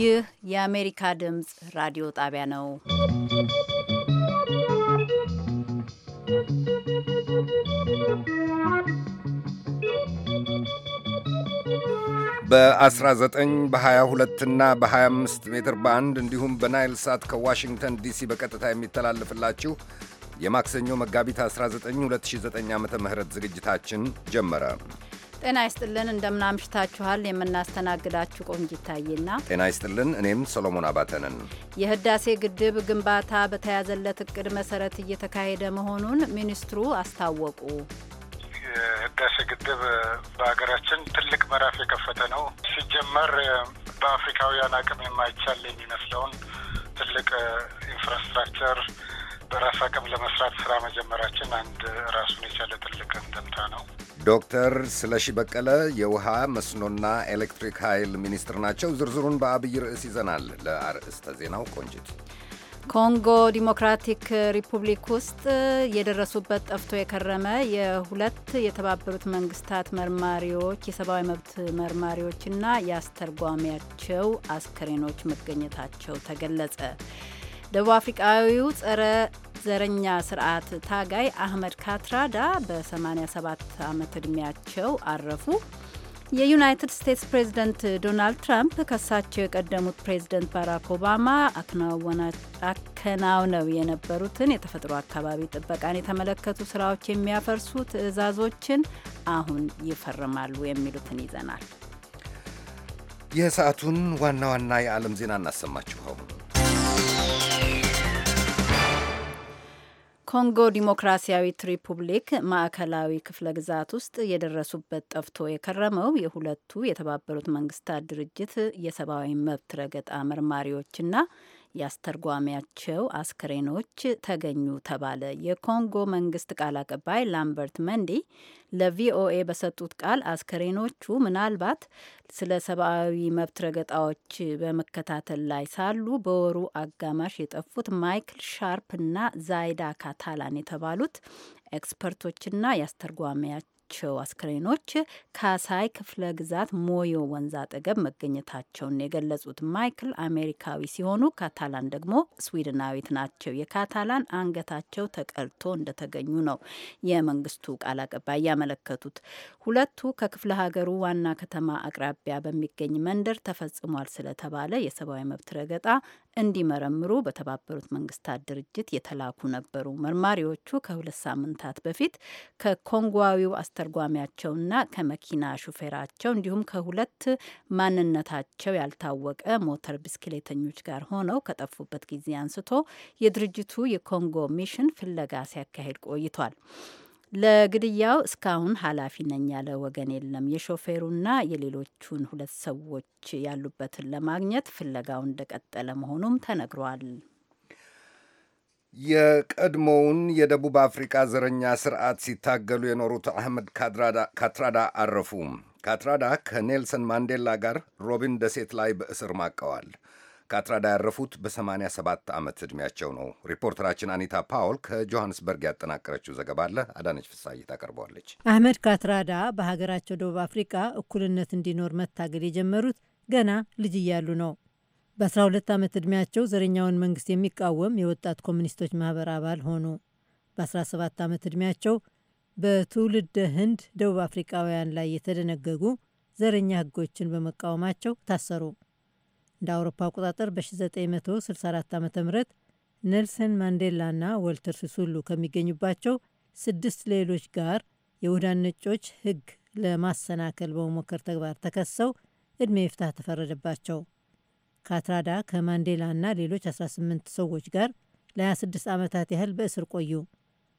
ይህ የአሜሪካ ድምፅ ራዲዮ ጣቢያ ነው። በ19 በ22 እና በ25 ሜትር ባንድ እንዲሁም በናይል ሳት ከዋሽንግተን ዲሲ በቀጥታ የሚተላለፍላችሁ የማክሰኞ መጋቢት 19 2009 ዓ ም ዝግጅታችን ጀመረ። ጤና ይስጥልን እንደምናምሽታችኋል። የምናስተናግዳችሁ ቆንጅ ታዬና ጤና ይስጥልን እኔም ሰሎሞን አባተንን። የህዳሴ ግድብ ግንባታ በተያዘለት እቅድ መሰረት እየተካሄደ መሆኑን ሚኒስትሩ አስታወቁ። የህዳሴ ግድብ በሀገራችን ትልቅ ምዕራፍ የከፈተ ነው። ሲጀመር በአፍሪካውያን አቅም የማይቻል የሚመስለውን ትልቅ ኢንፍራስትራክቸር በራስ አቅም ለመስራት ስራ መጀመራችን አንድ ራሱን የቻለ ትልቅ እንደምታ ነው። ዶክተር ስለሺ በቀለ የውሃ መስኖና ኤሌክትሪክ ኃይል ሚኒስትር ናቸው። ዝርዝሩን በአብይ ርዕስ ይዘናል። ለአርዕስተ ዜናው ቆንጅት ኮንጎ ዲሞክራቲክ ሪፑብሊክ ውስጥ የደረሱበት ጠፍቶ የከረመ የሁለት የተባበሩት መንግስታት መርማሪዎች የሰብአዊ መብት መርማሪዎችና የአስተርጓሚያቸው አስከሬኖች መገኘታቸው ተገለጸ። ደቡብ አፍሪቃዊው ጸረ ዘረኛ ስርዓት ታጋይ አህመድ ካትራዳ በ87 ዓመት ዕድሜያቸው አረፉ። የዩናይትድ ስቴትስ ፕሬዝደንት ዶናልድ ትራምፕ ከሳቸው የቀደሙት ፕሬዝደንት ባራክ ኦባማ አከናውነው የነበሩትን የተፈጥሮ አካባቢ ጥበቃን የተመለከቱ ስራዎች የሚያፈርሱ ትዕዛዞችን አሁን ይፈርማሉ የሚሉትን ይዘናል። የሰዓቱን ዋና ዋና የዓለም ዜና እናሰማችሁ አሁን ኮንጎ ዲሞክራሲያዊት ሪፑብሊክ ማዕከላዊ ክፍለ ግዛት ውስጥ የደረሱበት ጠፍቶ የከረመው የሁለቱ የተባበሩት መንግስታት ድርጅት የሰብአዊ መብት ረገጣ መርማሪዎችና ያስተርጓሚያቸው አስክሬኖች ተገኙ ተባለ። የኮንጎ መንግስት ቃል አቀባይ ላምበርት መንዲ ለቪኦኤ በሰጡት ቃል አስክሬኖቹ ምናልባት ስለ ሰብአዊ መብት ረገጣዎች በመከታተል ላይ ሳሉ በወሩ አጋማሽ የጠፉት ማይክል ሻርፕ እና ዛይዳ ካታላን የተባሉት ኤክስፐርቶችና ያስተርጓሚያቸው ያላቸው አስክሬኖች ካሳይ ክፍለ ግዛት ሞዮ ወንዝ አጠገብ መገኘታቸውን የገለጹት ማይክል አሜሪካዊ ሲሆኑ ካታላን ደግሞ ስዊድናዊት ናቸው። የካታላን አንገታቸው ተቀልቶ እንደተገኙ ነው የመንግስቱ ቃል አቀባይ ያመለከቱት። ሁለቱ ከክፍለ ሀገሩ ዋና ከተማ አቅራቢያ በሚገኝ መንደር ተፈጽሟል ስለተባለ የሰብአዊ መብት ረገጣ እንዲመረምሩ በተባበሩት መንግስታት ድርጅት የተላኩ ነበሩ። መርማሪዎቹ ከሁለት ሳምንታት በፊት ከኮንጓዊው አስተርጓሚያቸውና ከመኪና ሹፌራቸው እንዲሁም ከሁለት ማንነታቸው ያልታወቀ ሞተር ብስክሌተኞች ጋር ሆነው ከጠፉበት ጊዜ አንስቶ የድርጅቱ የኮንጎ ሚሽን ፍለጋ ሲያካሂድ ቆይቷል። ለግድያው እስካሁን ኃላፊ ነኝ ያለ ወገን የለም። የሾፌሩና የሌሎቹን ሁለት ሰዎች ያሉበትን ለማግኘት ፍለጋው እንደቀጠለ መሆኑም ተነግሯል። የቀድሞውን የደቡብ አፍሪካ ዘረኛ ስርዓት ሲታገሉ የኖሩት አህመድ ካትራዳ አረፉ። ካትራዳ ከኔልሰን ማንዴላ ጋር ሮቢን ደሴት ላይ በእስር ማቀዋል። ካትራዳ ያረፉት በ87 ዓመት ዕድሜያቸው ነው። ሪፖርተራችን አኒታ ፓውል ከጆሃንስበርግ ያጠናቀረችው ዘገባ አለ አዳነች ፍሳይ ታቀርበዋለች። አህመድ ካትራዳ በሀገራቸው ደቡብ አፍሪካ እኩልነት እንዲኖር መታገል የጀመሩት ገና ልጅ እያሉ ነው። በ12 ዓመት ዕድሜያቸው ዘረኛውን መንግስት የሚቃወም የወጣት ኮሚኒስቶች ማህበር አባል ሆኑ። በ17 ዓመት ዕድሜያቸው በትውልደ ህንድ ደቡብ አፍሪካውያን ላይ የተደነገጉ ዘረኛ ህጎችን በመቃወማቸው ታሰሩ። እንደ አውሮፓ አቆጣጠር በ1964 ዓ ም ኔልሰን ማንዴላና ወልተር ሲሱሉ ከሚገኙባቸው ስድስት ሌሎች ጋር የውህዳን ነጮች ህግ ለማሰናከል በመሞከር ተግባር ተከሰው ዕድሜ ይፍታህ ተፈረደባቸው። ካትራዳ ከማንዴላ እና ሌሎች 18 ሰዎች ጋር ለ26 ዓመታት ያህል በእስር ቆዩ።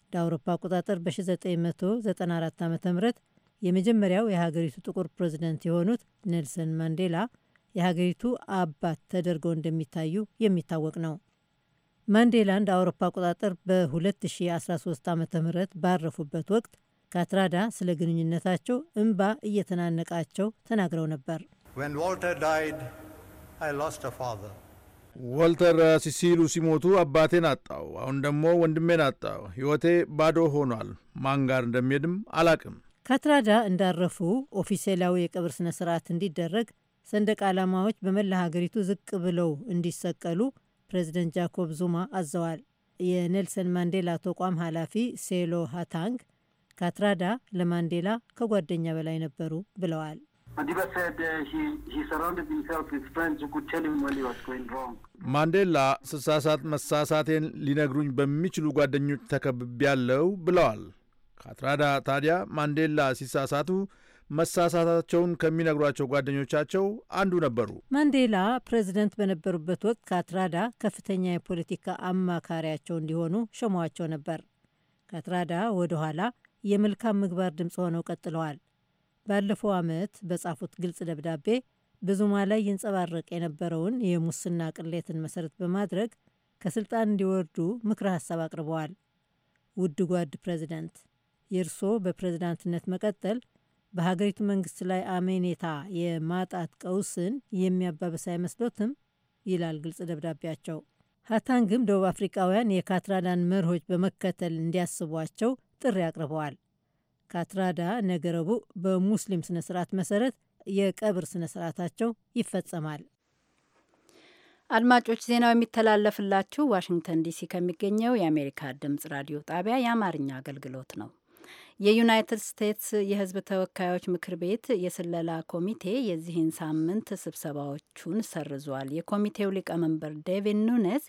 እንደ አውሮፓ አቆጣጠር በ1994 ዓ ም የመጀመሪያው የሀገሪቱ ጥቁር ፕሬዚደንት የሆኑት ኔልሰን ማንዴላ የሀገሪቱ አባት ተደርገው እንደሚታዩ የሚታወቅ ነው። ማንዴላ እንደ አውሮፓ አቆጣጠር በ2013 ዓ ም ባረፉበት ወቅት ካትራዳ ስለ ግንኙነታቸው እምባ እየተናነቃቸው ተናግረው ነበር። ወልተር ሲሲሉ ሲሞቱ አባቴን አጣው። አሁን ደግሞ ወንድሜን አጣው። ሕይወቴ ባዶ ሆኗል። ማን ጋር እንደሚሄድም አላቅም። ካትራዳ እንዳረፉ ኦፊሴላዊ የቀብር ስነ ስርዓት እንዲደረግ ሰንደቅ ዓላማዎች በመላ ሀገሪቱ ዝቅ ብለው እንዲሰቀሉ ፕሬዚደንት ጃኮብ ዙማ አዘዋል። የኔልሰን ማንዴላ ተቋም ኃላፊ ሴሎ ሃታንግ ካትራዳ ለማንዴላ ከጓደኛ በላይ ነበሩ ብለዋል። ማንዴላ uh, ስሳሳት መሳሳቴን ሊነግሩኝ በሚችሉ ጓደኞች ተከብቤያለሁ ብለዋል። ካትራዳ ታዲያ ማንዴላ ሲሳሳቱ መሳሳታቸውን ከሚነግሯቸው ጓደኞቻቸው አንዱ ነበሩ። ማንዴላ ፕሬዚደንት በነበሩበት ወቅት ካትራዳ ከፍተኛ የፖለቲካ አማካሪያቸው እንዲሆኑ ሸሟቸው ነበር። ካትራዳ ወደ ኋላ የመልካም ምግባር ድምፅ ሆነው ቀጥለዋል። ባለፈው ዓመት በጻፉት ግልጽ ደብዳቤ በዙማ ላይ ይንጸባረቅ የነበረውን የሙስና ቅሌትን መሰረት በማድረግ ከስልጣን እንዲወርዱ ምክረ ሀሳብ አቅርበዋል። ውድ ጓድ ፕሬዚደንት፣ የእርሶ በፕሬዝዳንትነት መቀጠል በሀገሪቱ መንግስት ላይ አመኔታ የማጣት ቀውስን የሚያባብስ አይመስሎትም? ይላል ግልጽ ደብዳቤያቸው። ሀታንግም ደቡብ አፍሪካውያን የካትራዳን መርሆች በመከተል እንዲያስቧቸው ጥሪ አቅርበዋል። ካትራዳ ነገ ረቡዕ በሙስሊም ስነ ስርዓት መሰረት የቀብር ስነ ስርዓታቸው ይፈጸማል። አድማጮች ዜናው የሚተላለፍላችሁ ዋሽንግተን ዲሲ ከሚገኘው የአሜሪካ ድምጽ ራዲዮ ጣቢያ የአማርኛ አገልግሎት ነው። የዩናይትድ ስቴትስ የሕዝብ ተወካዮች ምክር ቤት የስለላ ኮሚቴ የዚህን ሳምንት ስብሰባዎቹን ሰርዟል። የኮሚቴው ሊቀመንበር ዴቪድ ኑኔስ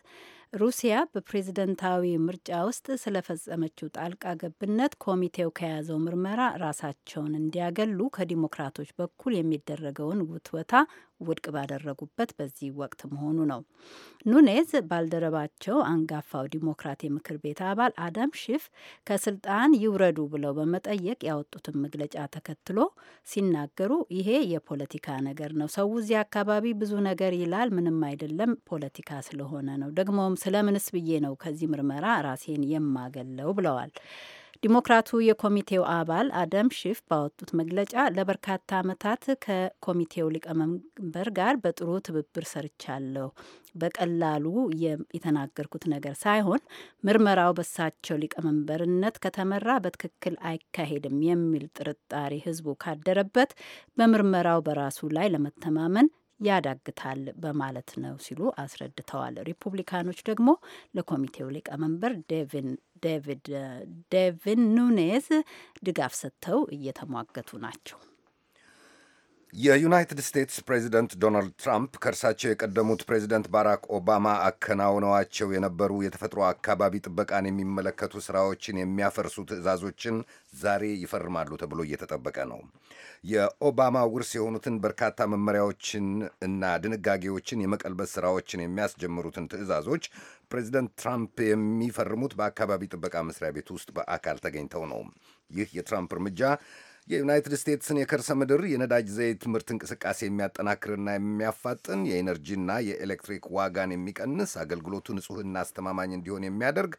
ሩሲያ በፕሬዝደንታዊ ምርጫ ውስጥ ስለፈጸመችው ጣልቃ ገብነት ኮሚቴው ከያዘው ምርመራ ራሳቸውን እንዲያገሉ ከዲሞክራቶች በኩል የሚደረገውን ውትወታ ውድቅ ባደረጉበት በዚህ ወቅት መሆኑ ነው። ኑኔዝ ባልደረባቸው አንጋፋው ዲሞክራት የምክር ቤት አባል አዳም ሺፍ ከስልጣን ይውረዱ ብለው በመጠየቅ ያወጡትን መግለጫ ተከትሎ ሲናገሩ ይሄ የፖለቲካ ነገር ነው፣ ሰው እዚህ አካባቢ ብዙ ነገር ይላል፣ ምንም አይደለም፣ ፖለቲካ ስለሆነ ነው ደግሞም ስለምንስ ብዬ ነው ከዚህ ምርመራ ራሴን የማገለው ብለዋል። ዲሞክራቱ የኮሚቴው አባል አደም ሺፍ ባወጡት መግለጫ ለበርካታ ዓመታት ከኮሚቴው ሊቀመንበር ጋር በጥሩ ትብብር ሰርቻለሁ። በቀላሉ የተናገርኩት ነገር ሳይሆን ምርመራው በሳቸው ሊቀመንበርነት ከተመራ በትክክል አይካሄድም የሚል ጥርጣሬ ሕዝቡ ካደረበት በምርመራው በራሱ ላይ ለመተማመን ያዳግታል በማለት ነው ሲሉ አስረድተዋል። ሪፑብሊካኖች ደግሞ ለኮሚቴው ሊቀመንበር ዴቪድ ኑኔዝ ድጋፍ ሰጥተው እየተሟገቱ ናቸው። የዩናይትድ ስቴትስ ፕሬዚደንት ዶናልድ ትራምፕ ከእርሳቸው የቀደሙት ፕሬዚደንት ባራክ ኦባማ አከናውነዋቸው የነበሩ የተፈጥሮ አካባቢ ጥበቃን የሚመለከቱ ስራዎችን የሚያፈርሱ ትዕዛዞችን ዛሬ ይፈርማሉ ተብሎ እየተጠበቀ ነው። የኦባማ ውርስ የሆኑትን በርካታ መመሪያዎችን እና ድንጋጌዎችን የመቀልበስ ስራዎችን የሚያስጀምሩትን ትዕዛዞች ፕሬዚደንት ትራምፕ የሚፈርሙት በአካባቢ ጥበቃ መስሪያ ቤት ውስጥ በአካል ተገኝተው ነው። ይህ የትራምፕ እርምጃ የዩናይትድ ስቴትስን የከርሰ ምድር የነዳጅ ዘይት ምርት እንቅስቃሴ የሚያጠናክርና የሚያፋጥን የኤነርጂና የኤሌክትሪክ ዋጋን የሚቀንስ አገልግሎቱ ንጹህና አስተማማኝ እንዲሆን የሚያደርግ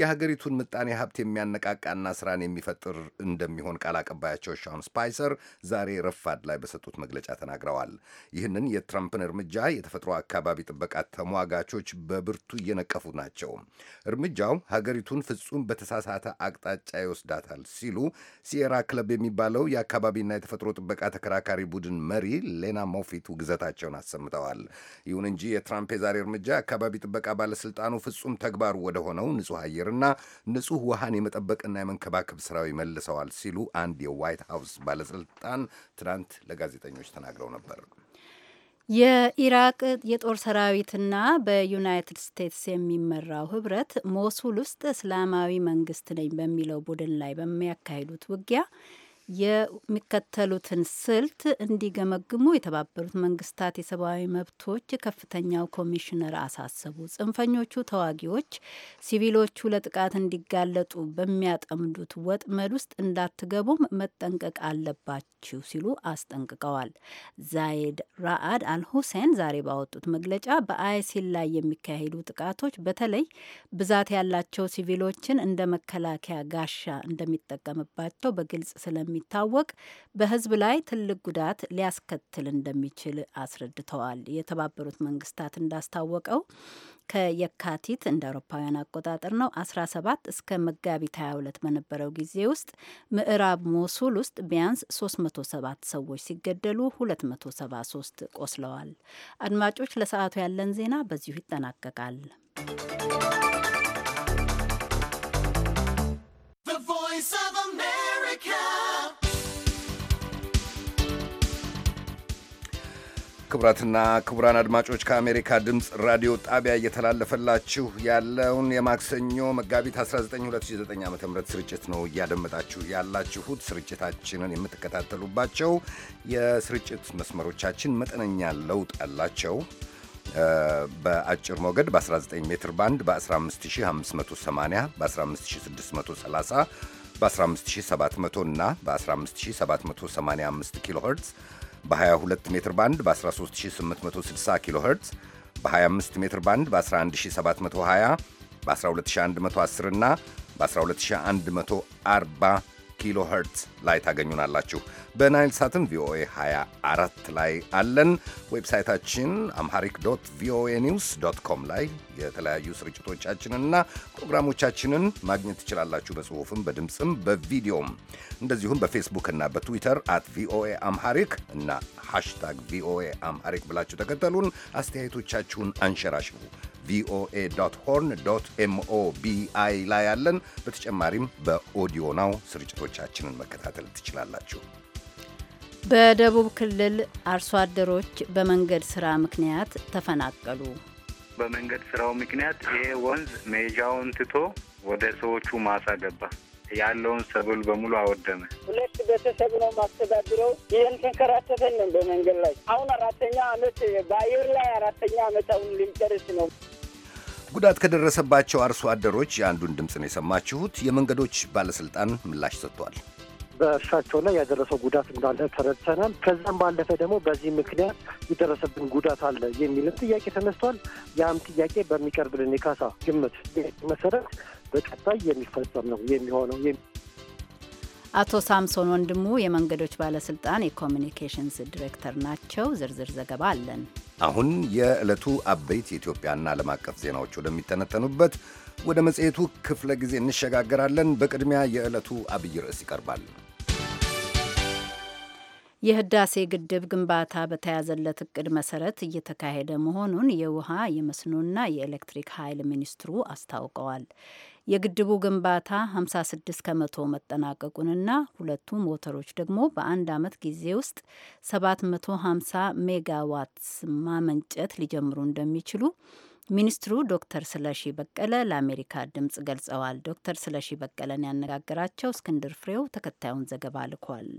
የሀገሪቱን ምጣኔ ሀብት የሚያነቃቃና ስራን የሚፈጥር እንደሚሆን ቃል አቀባያቸው ሻም ስፓይሰር ዛሬ ረፋድ ላይ በሰጡት መግለጫ ተናግረዋል። ይህንን የትራምፕን እርምጃ የተፈጥሮ አካባቢ ጥበቃ ተሟጋቾች በብርቱ እየነቀፉ ናቸው። እርምጃው ሀገሪቱን ፍጹም በተሳሳተ አቅጣጫ ይወስዳታል ሲሉ ሲየራ ክለብ የሚባል የተባለው የአካባቢና የተፈጥሮ ጥበቃ ተከራካሪ ቡድን መሪ ሌና ሞፊት ውግዘታቸውን አሰምተዋል። ይሁን እንጂ የትራምፕ የዛሬ እርምጃ አካባቢ ጥበቃ ባለስልጣኑ ፍጹም ተግባሩ ወደሆነው ንጹህ አየርና ንጹህ ውሃን የመጠበቅና የመንከባከብ ስራው ይመልሰዋል ሲሉ አንድ የዋይት ሀውስ ባለስልጣን ትናንት ለጋዜጠኞች ተናግረው ነበር። የኢራቅ የጦር ሰራዊትና በዩናይትድ ስቴትስ የሚመራው ህብረት ሞሱል ውስጥ እስላማዊ መንግስት ነኝ በሚለው ቡድን ላይ በሚያካሂዱት ውጊያ የሚከተሉትን ስልት እንዲገመግሙ የተባበሩት መንግስታት የሰብአዊ መብቶች ከፍተኛው ኮሚሽነር አሳሰቡ። ጽንፈኞቹ ተዋጊዎች ሲቪሎቹ ለጥቃት እንዲጋለጡ በሚያጠምዱት ወጥመድ ውስጥ እንዳትገቡም መጠንቀቅ አለባችሁ ሲሉ አስጠንቅቀዋል። ዛይድ ራአድ አልሁሴን ዛሬ ባወጡት መግለጫ በአይሲል ላይ የሚካሄዱ ጥቃቶች በተለይ ብዛት ያላቸው ሲቪሎችን እንደ መከላከያ ጋሻ እንደሚጠቀምባቸው በግልጽ ስለሚ ስለሚታወቅ በህዝብ ላይ ትልቅ ጉዳት ሊያስከትል እንደሚችል አስረድተዋል። የተባበሩት መንግስታት እንዳስታወቀው ከየካቲት እንደ አውሮፓውያን አቆጣጠር ነው 17 እስከ መጋቢት 22 በነበረው ጊዜ ውስጥ ምዕራብ ሞሱል ውስጥ ቢያንስ 307 ሰዎች ሲገደሉ 273 ቆስለዋል። አድማጮች ለሰዓቱ ያለን ዜና በዚሁ ይጠናቀቃል። ክቡራትና ክቡራን አድማጮች ከአሜሪካ ድምፅ ራዲዮ ጣቢያ እየተላለፈላችሁ ያለውን የማክሰኞ መጋቢት 192009 ዓ ም ስርጭት ነው እያደመጣችሁ ያላችሁት። ስርጭታችንን የምትከታተሉባቸው የስርጭት መስመሮቻችን መጠነኛ ለውጥ አላቸው። በአጭር ሞገድ በ19 ሜትር ባንድ በ15580 በ15630 በ15700 እና በ15785 ኪሎ ኸርትዝ በ22 ሜትር ባንድ በ13860 ኪሎ ሄርትዝ በ25 ሜትር ባንድ በ11720 በ12110 እና በ12140 ኪሎ ኸርትዝ ላይ ታገኙናላችሁ። በናይል ሳትም ቪኦኤ 24 ላይ አለን። ዌብሳይታችን አምሃሪክ ዶት ቪኦኤ ኒውስ ዶት ኮም ላይ የተለያዩ ስርጭቶቻችንንና ፕሮግራሞቻችንን ማግኘት ትችላላችሁ። በጽሑፍም በድምፅም በቪዲዮም እንደዚሁም በፌስቡክና በትዊተር አት ቪኦኤ አምሃሪክ እና ሃሽታግ ቪኦኤ አምሃሪክ ብላችሁ ተከተሉን። አስተያየቶቻችሁን አንሸራሽሩ። ቪኦኤ ዶት ሆርን ዶት ኤምኦቢአይ ላይ ያለን። በተጨማሪም በኦዲዮ ናው ስርጭቶቻችንን መከታተል ትችላላችሁ። በደቡብ ክልል አርሶ አደሮች በመንገድ ስራ ምክንያት ተፈናቀሉ። በመንገድ ስራው ምክንያት ይሄ ወንዝ ሜጃውን ትቶ ወደ ሰዎቹ ማሳ ገባ። ያለውን ሰብል በሙሉ አወደመ። ሁለት ቤተሰብ ነው ማስተዳድረው። ይህን ተንከራተተን በመንገድ ላይ አሁን አራተኛ አመት በአየር ላይ አራተኛ አመት አሁን ልንጨርስ ነው። ጉዳት ከደረሰባቸው አርሶ አደሮች የአንዱን ድምፅ ነው የሰማችሁት። የመንገዶች ባለሥልጣን ምላሽ ሰጥቷል። በእርሻቸው ላይ ያደረሰው ጉዳት እንዳለ ተረድተናል። ከዛም ባለፈ ደግሞ በዚህ ምክንያት የደረሰብን ጉዳት አለ የሚልም ጥያቄ ተነስቷል። ያም ጥያቄ በሚቀርብልን የካሳ ግምት መሰረት በቀጣይ የሚፈጸም ነው የሚሆነው። አቶ ሳምሶን ወንድሙ የመንገዶች ባለስልጣን የኮሚኒኬሽንስ ዲሬክተር ናቸው። ዝርዝር ዘገባ አለን። አሁን የዕለቱ አበይት የኢትዮጵያና ዓለም አቀፍ ዜናዎች ወደሚተነተኑበት ወደ መጽሔቱ ክፍለ ጊዜ እንሸጋገራለን። በቅድሚያ የዕለቱ አብይ ርዕስ ይቀርባል። የህዳሴ ግድብ ግንባታ በተያዘለት እቅድ መሰረት እየተካሄደ መሆኑን የውሃ የመስኖና የኤሌክትሪክ ኃይል ሚኒስትሩ አስታውቀዋል። የግድቡ ግንባታ 56 ከመቶ መጠናቀቁንና ሁለቱ ሞተሮች ደግሞ በአንድ ዓመት ጊዜ ውስጥ 750 ሜጋዋት ማመንጨት ሊጀምሩ እንደሚችሉ ሚኒስትሩ ዶክተር ስለሺ በቀለ ለአሜሪካ ድምጽ ገልጸዋል። ዶክተር ስለሺ በቀለን ያነጋገራቸው እስክንድር ፍሬው ተከታዩን ዘገባ ልኳል።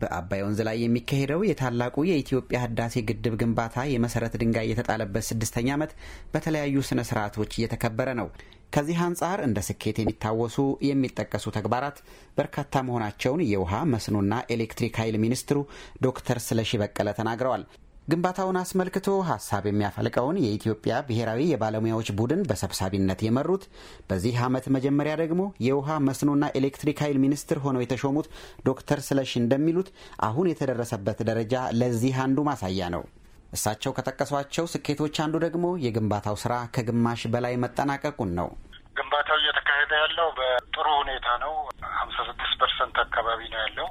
በአባይ ወንዝ ላይ የሚካሄደው የታላቁ የኢትዮጵያ ህዳሴ ግድብ ግንባታ የመሰረት ድንጋይ የተጣለበት ስድስተኛ ዓመት በተለያዩ ስነ ስርዓቶች እየተከበረ ነው። ከዚህ አንጻር እንደ ስኬት የሚታወሱ የሚጠቀሱ ተግባራት በርካታ መሆናቸውን የውሃ መስኖና ኤሌክትሪክ ኃይል ሚኒስትሩ ዶክተር ስለሺ በቀለ ተናግረዋል። ግንባታውን አስመልክቶ ሀሳብ የሚያፈልቀውን የኢትዮጵያ ብሔራዊ የባለሙያዎች ቡድን በሰብሳቢነት የመሩት በዚህ ዓመት መጀመሪያ ደግሞ የውሃ መስኖና ኤሌክትሪክ ኃይል ሚኒስትር ሆነው የተሾሙት ዶክተር ስለሺ እንደሚሉት አሁን የተደረሰበት ደረጃ ለዚህ አንዱ ማሳያ ነው። እሳቸው ከጠቀሷቸው ስኬቶች አንዱ ደግሞ የግንባታው ስራ ከግማሽ በላይ መጠናቀቁን ነው። ግንባታው እየተካሄደ ያለው በጥሩ ሁኔታ ነው። ሀምሳ ስድስት ፐርሰንት አካባቢ ነው ያለው።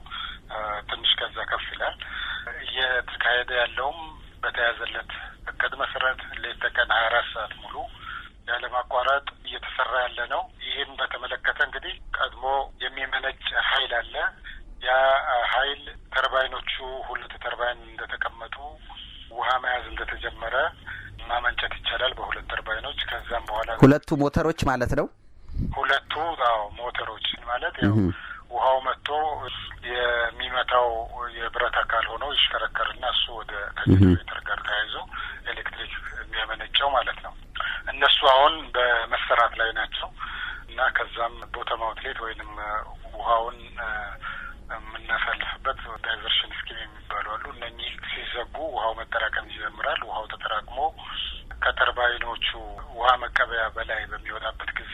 ትንሽ ከዛ ከፍ ይላል። እየተካሄደ ያለውም በተያዘለት እቅድ መሰረት ሌት ተቀን ሀያ አራት ሰዓት ሙሉ ያለማቋረጥ እየተሰራ ያለ ነው። ይህም በተመለከተ እንግዲህ ቀድሞ የሚመነጭ ኃይል አለ። ያ ኃይል ተርባይኖቹ ሁለት ተርባይን እንደተቀመጡ ውሃ መያዝ እንደተጀመረ ማመንጨት ይቻላል በሁለት ተርባይኖች። ከዛም በኋላ ሁለቱ ሞተሮች ማለት ነው። ሁለቱ ሞተሮች ማለት ያው ውሃው መጥቶ የሚመታው የብረት አካል ሆኖ ይሽከረከርና እሱ ወደ ከጀኔሬተር ጋር ተያይዞ ኤሌክትሪክ የሚያመነጨው ማለት ነው። እነሱ አሁን በመሰራት ላይ ናቸው እና ከዛም ቦተም አውትሌት ወይንም ውሃውን የምናሳልፍበት ዳይቨርሽን ስኪም የሚባሉ አሉ። እነኚህ ሲዘጉ ውሃው መጠራቀም ይጀምራል። ውሃው ተጠራቅሞ ከተርባይኖቹ ውሃ መቀበያ በላይ በሚወጣበት ጊዜ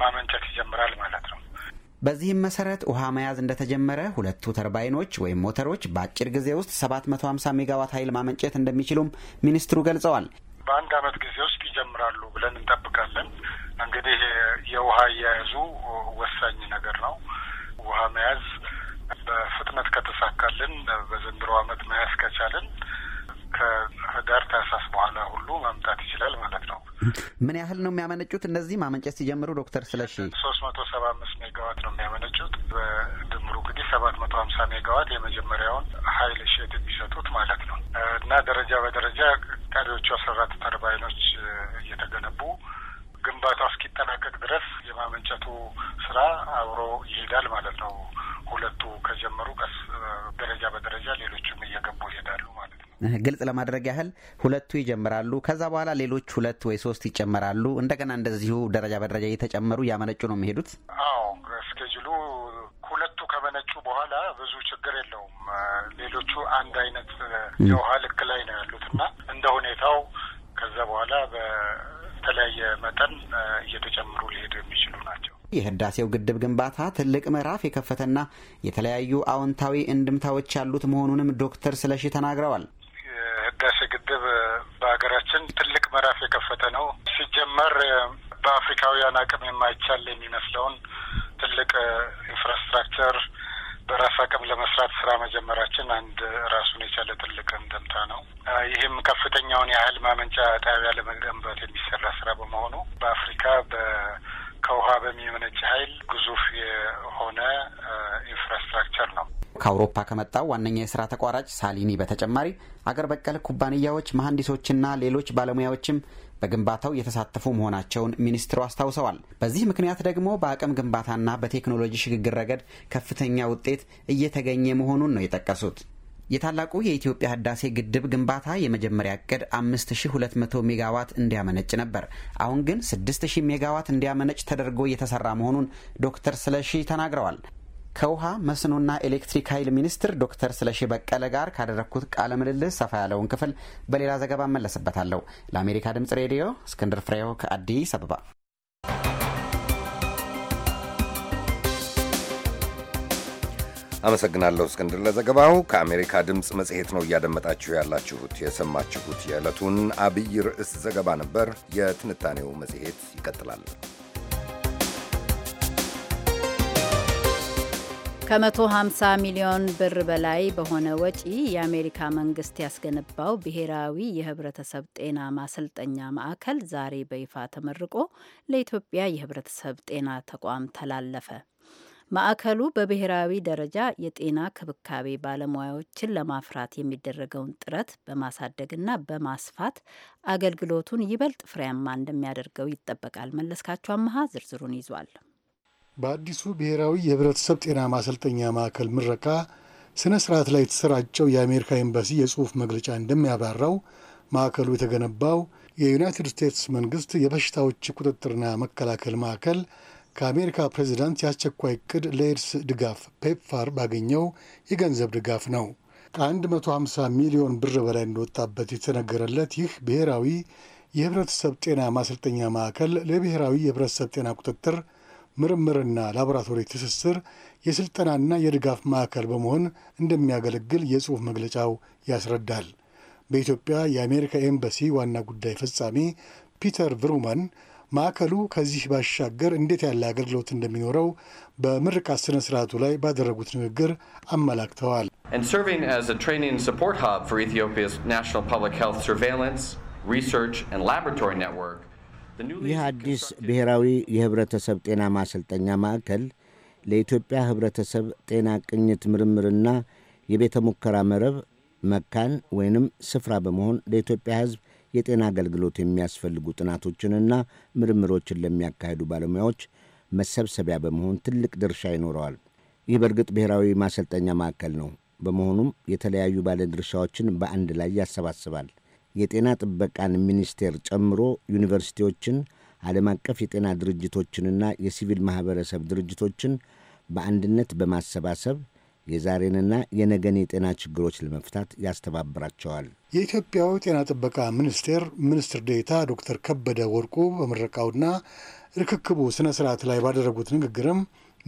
ማመንጨት ይጀምራል ማለት ነው። በዚህም መሰረት ውሃ መያዝ እንደተጀመረ ሁለቱ ተርባይኖች ወይም ሞተሮች በአጭር ጊዜ ውስጥ 750 ሜጋዋት ኃይል ማመንጨት እንደሚችሉም ሚኒስትሩ ገልጸዋል። በአንድ አመት ጊዜ ውስጥ ይጀምራሉ ብለን እንጠብቃለን። እንግዲህ የውሃ አያያዙ ወሳኝ ነገር ነው። ውሃ መያዝ በፍጥነት ከተሳካልን በዘንድሮ አመት መያዝ ከቻልን ከህዳር ታህሳስ በኋላ ሁሉ መምጣት ይችላል ማለት ነው። ምን ያህል ነው የሚያመነጩት? እነዚህ ማመንጨት ሲጀምሩ ዶክተር ስለሺ ሶስት መቶ ሰባ አምስት ሜጋዋት ነው የሚያመነጩት። በድምሩ እንግዲህ ሰባት መቶ ሀምሳ ሜጋዋት የመጀመሪያውን ሀይል ሼት የሚሰጡት ማለት ነው እና ደረጃ በደረጃ ቀሪዎቹ አስራ አራት ተርባይኖች እየተገነቡ ግንባታው እስኪጠናቀቅ ድረስ የማመንጨቱ ስራ አብሮ ይሄዳል ማለት ነው። ሁለቱ ከጀመሩ ቀስ ደረጃ በደረጃ ሌሎቹም እየገቡ ይሄዳሉ። ግልጽ ለማድረግ ያህል ሁለቱ ይጀምራሉ። ከዛ በኋላ ሌሎች ሁለት ወይ ሶስት ይጨመራሉ። እንደገና እንደዚሁ ደረጃ በደረጃ እየተጨመሩ እያመነጩ ነው የሚሄዱት። አዎ ስኬጅሉ ሁለቱ ከመነጩ በኋላ ብዙ ችግር የለውም። ሌሎቹ አንድ አይነት የውሃ ልክ ላይ ነው ያሉት እና እንደ ሁኔታው ከዛ በኋላ በተለያየ መጠን እየተጨመሩ ሊሄዱ የሚችሉ ናቸው። የህዳሴው ግድብ ግንባታ ትልቅ ምዕራፍ የከፈተና የተለያዩ አዎንታዊ እንድምታዎች ያሉት መሆኑንም ዶክተር ስለሺ ተናግረዋል። ግድብ በሀገራችን ትልቅ ምዕራፍ የከፈተ ነው። ሲጀመር በአፍሪካውያን አቅም የማይቻል የሚመስለውን ትልቅ ኢንፍራስትራክቸር በራስ አቅም ለመስራት ስራ መጀመራችን አንድ ራሱን የቻለ ትልቅ እንደምታ ነው። ይህም ከፍተኛውን የኃይል ማመንጫ ጣቢያ ለመገንባት የሚሰራ ስራ በመሆኑ በአፍሪካ ከውሃ በሚመነጭ ኃይል ግዙፍ የሆነ ኢንፍራስትራክቸር ነው። ከአውሮፓ ከመጣው ዋነኛ የስራ ተቋራጭ ሳሊኒ በተጨማሪ አገር በቀል ኩባንያዎች፣ መሐንዲሶችና ሌሎች ባለሙያዎችም በግንባታው የተሳተፉ መሆናቸውን ሚኒስትሩ አስታውሰዋል። በዚህ ምክንያት ደግሞ በአቅም ግንባታና በቴክኖሎጂ ሽግግር ረገድ ከፍተኛ ውጤት እየተገኘ መሆኑን ነው የጠቀሱት። የታላቁ የኢትዮጵያ ህዳሴ ግድብ ግንባታ የመጀመሪያ እቅድ 5200 ሜጋዋት እንዲያመነጭ ነበር። አሁን ግን 6000 ሜጋዋት እንዲያመነጭ ተደርጎ እየተሰራ መሆኑን ዶክተር ስለሺ ተናግረዋል። ከውሃ መስኖና ኤሌክትሪክ ኃይል ሚኒስትር ዶክተር ስለሺ በቀለ ጋር ካደረግኩት ቃለ ምልልስ ሰፋ ያለውን ክፍል በሌላ ዘገባ እመለስበታለሁ። ለአሜሪካ ድምጽ ሬዲዮ እስክንድር ፍሬው ከአዲስ አበባ። አመሰግናለሁ እስክንድር ለዘገባው። ከአሜሪካ ድምፅ መጽሔት ነው እያደመጣችሁ ያላችሁት። የሰማችሁት የዕለቱን አብይ ርዕስ ዘገባ ነበር። የትንታኔው መጽሔት ይቀጥላል። ከ150 ሚሊዮን ብር በላይ በሆነ ወጪ የአሜሪካ መንግስት ያስገነባው ብሔራዊ የህብረተሰብ ጤና ማሰልጠኛ ማዕከል ዛሬ በይፋ ተመርቆ ለኢትዮጵያ የህብረተሰብ ጤና ተቋም ተላለፈ። ማዕከሉ በብሔራዊ ደረጃ የጤና ክብካቤ ባለሙያዎችን ለማፍራት የሚደረገውን ጥረት በማሳደግና በማስፋት አገልግሎቱን ይበልጥ ፍሬያማ እንደሚያደርገው ይጠበቃል። መለስካቸው አመሀ ዝርዝሩን ይዟል። በአዲሱ ብሔራዊ የህብረተሰብ ጤና ማሰልጠኛ ማዕከል ምረቃ ስነ ስርዓት ላይ የተሰራጨው የአሜሪካ ኤምባሲ የጽሑፍ መግለጫ እንደሚያብራራው ማዕከሉ የተገነባው የዩናይትድ ስቴትስ መንግስት የበሽታዎች ቁጥጥርና መከላከል ማዕከል ከአሜሪካ ፕሬዚዳንት የአስቸኳይ እቅድ ለኤድስ ድጋፍ ፔፕፋር ባገኘው የገንዘብ ድጋፍ ነው። ከ150 ሚሊዮን ብር በላይ እንደወጣበት የተነገረለት ይህ ብሔራዊ የህብረተሰብ ጤና ማሰልጠኛ ማዕከል ለብሔራዊ የህብረተሰብ ጤና ቁጥጥር ምርምርና ላቦራቶሪ ትስስር የስልጠናና የድጋፍ ማዕከል በመሆን እንደሚያገለግል የጽሑፍ መግለጫው ያስረዳል። በኢትዮጵያ የአሜሪካ ኤምባሲ ዋና ጉዳይ ፈጻሚ ፒተር ቭሩማን ማዕከሉ ከዚህ ባሻገር እንዴት ያለ አገልግሎት እንደሚኖረው በምርቃት ስነ ስርዓቱ ላይ ባደረጉት ንግግር አመላክተዋል። ይህ አዲስ ብሔራዊ የህብረተሰብ ጤና ማሰልጠኛ ማዕከል ለኢትዮጵያ ህብረተሰብ ጤና ቅኝት ምርምርና የቤተ ሙከራ መረብ መካን ወይንም ስፍራ በመሆን ለኢትዮጵያ ህዝብ የጤና አገልግሎት የሚያስፈልጉ ጥናቶችንና ምርምሮችን ለሚያካሂዱ ባለሙያዎች መሰብሰቢያ በመሆን ትልቅ ድርሻ ይኖረዋል። ይህ በእርግጥ ብሔራዊ ማሰልጠኛ ማዕከል ነው። በመሆኑም የተለያዩ ባለድርሻዎችን በአንድ ላይ ያሰባስባል። የጤና ጥበቃን ሚኒስቴር ጨምሮ ዩኒቨርሲቲዎችን፣ ዓለም አቀፍ የጤና ድርጅቶችንና የሲቪል ማኅበረሰብ ድርጅቶችን በአንድነት በማሰባሰብ የዛሬንና የነገን የጤና ችግሮች ለመፍታት ያስተባብራቸዋል። የኢትዮጵያው ጤና ጥበቃ ሚኒስቴር ሚኒስትር ዴታ ዶክተር ከበደ ወርቁ በምረቃውና ርክክቡ ስነ ስርዓት ላይ ባደረጉት ንግግርም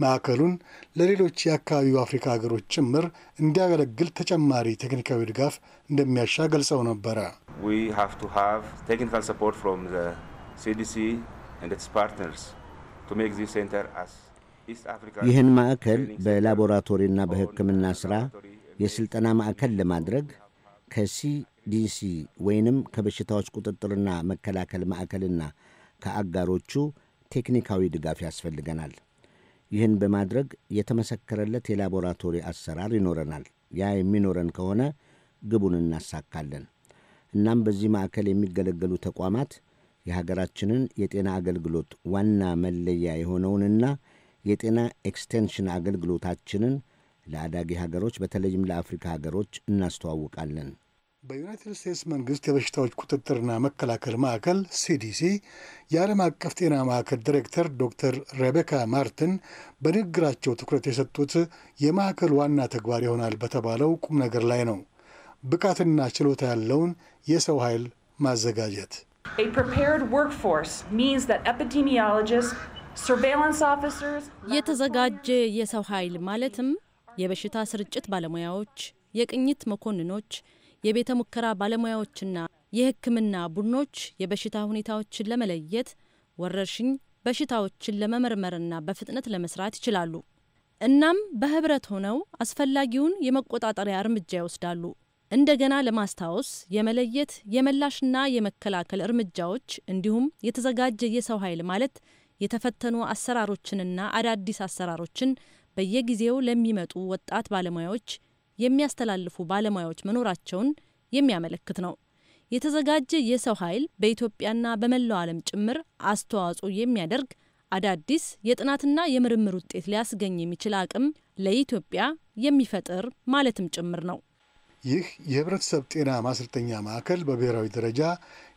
ማዕከሉን ለሌሎች የአካባቢው አፍሪካ ሀገሮች ጭምር እንዲያገለግል ተጨማሪ ቴክኒካዊ ድጋፍ እንደሚያሻ ገልጸው ነበረ። ይህን ማዕከል በላቦራቶሪና በሕክምና ሥራ የሥልጠና ማዕከል ለማድረግ ከሲዲሲ ወይንም ከበሽታዎች ቁጥጥርና መከላከል ማዕከልና ከአጋሮቹ ቴክኒካዊ ድጋፍ ያስፈልገናል። ይህን በማድረግ የተመሰከረለት የላቦራቶሪ አሰራር ይኖረናል። ያ የሚኖረን ከሆነ ግቡን እናሳካለን። እናም በዚህ ማዕከል የሚገለገሉ ተቋማት የሀገራችንን የጤና አገልግሎት ዋና መለያ የሆነውንና የጤና ኤክስቴንሽን አገልግሎታችንን ለአዳጊ ሀገሮች በተለይም ለአፍሪካ ሀገሮች እናስተዋውቃለን። በዩናይትድ ስቴትስ መንግስት የበሽታዎች ቁጥጥርና መከላከል ማዕከል ሲዲሲ የዓለም አቀፍ ጤና ማዕከል ዲሬክተር ዶክተር ሬቤካ ማርትን በንግግራቸው ትኩረት የሰጡት የማዕከል ዋና ተግባር ይሆናል በተባለው ቁም ነገር ላይ ነው። ብቃትና ችሎታ ያለውን የሰው ኃይል ማዘጋጀት የተዘጋጀ የሰው ኃይል ማለትም የበሽታ ስርጭት ባለሙያዎች፣ የቅኝት መኮንኖች የቤተ ሙከራ ባለሙያዎችና የሕክምና ቡድኖች የበሽታ ሁኔታዎችን ለመለየት ወረርሽኝ በሽታዎችን ለመመርመርና በፍጥነት ለመስራት ይችላሉ። እናም በህብረት ሆነው አስፈላጊውን የመቆጣጠሪያ እርምጃ ይወስዳሉ። እንደገና ለማስታወስ የመለየት የመላሽና የመከላከል እርምጃዎች እንዲሁም የተዘጋጀ የሰው ኃይል ማለት የተፈተኑ አሰራሮችንና አዳዲስ አሰራሮችን በየጊዜው ለሚመጡ ወጣት ባለሙያዎች የሚያስተላልፉ ባለሙያዎች መኖራቸውን የሚያመለክት ነው። የተዘጋጀ የሰው ኃይል በኢትዮጵያና በመላው ዓለም ጭምር አስተዋጽኦ የሚያደርግ አዳዲስ የጥናትና የምርምር ውጤት ሊያስገኝ የሚችል አቅም ለኢትዮጵያ የሚፈጥር ማለትም ጭምር ነው። ይህ የህብረተሰብ ጤና ማሰልጠኛ ማዕከል በብሔራዊ ደረጃ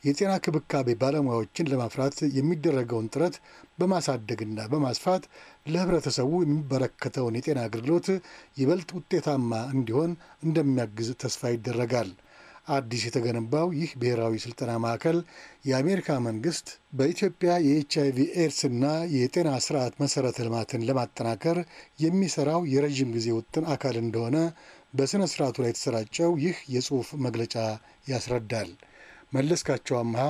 የጤና ክብካቤ ባለሙያዎችን ለማፍራት የሚደረገውን ጥረት በማሳደግና በማስፋት ለህብረተሰቡ የሚበረከተውን የጤና አገልግሎት ይበልጥ ውጤታማ እንዲሆን እንደሚያግዝ ተስፋ ይደረጋል። አዲስ የተገነባው ይህ ብሔራዊ ስልጠና ማዕከል የአሜሪካ መንግስት በኢትዮጵያ የኤች አይቪ ኤድስና የጤና ስርዓት መሠረተ ልማትን ለማጠናከር የሚሰራው የረዥም ጊዜ ውጥን አካል እንደሆነ በሥነ ሥርዓቱ ላይ የተሰራጨው ይህ የጽሑፍ መግለጫ ያስረዳል። መለስካቸው አምሃ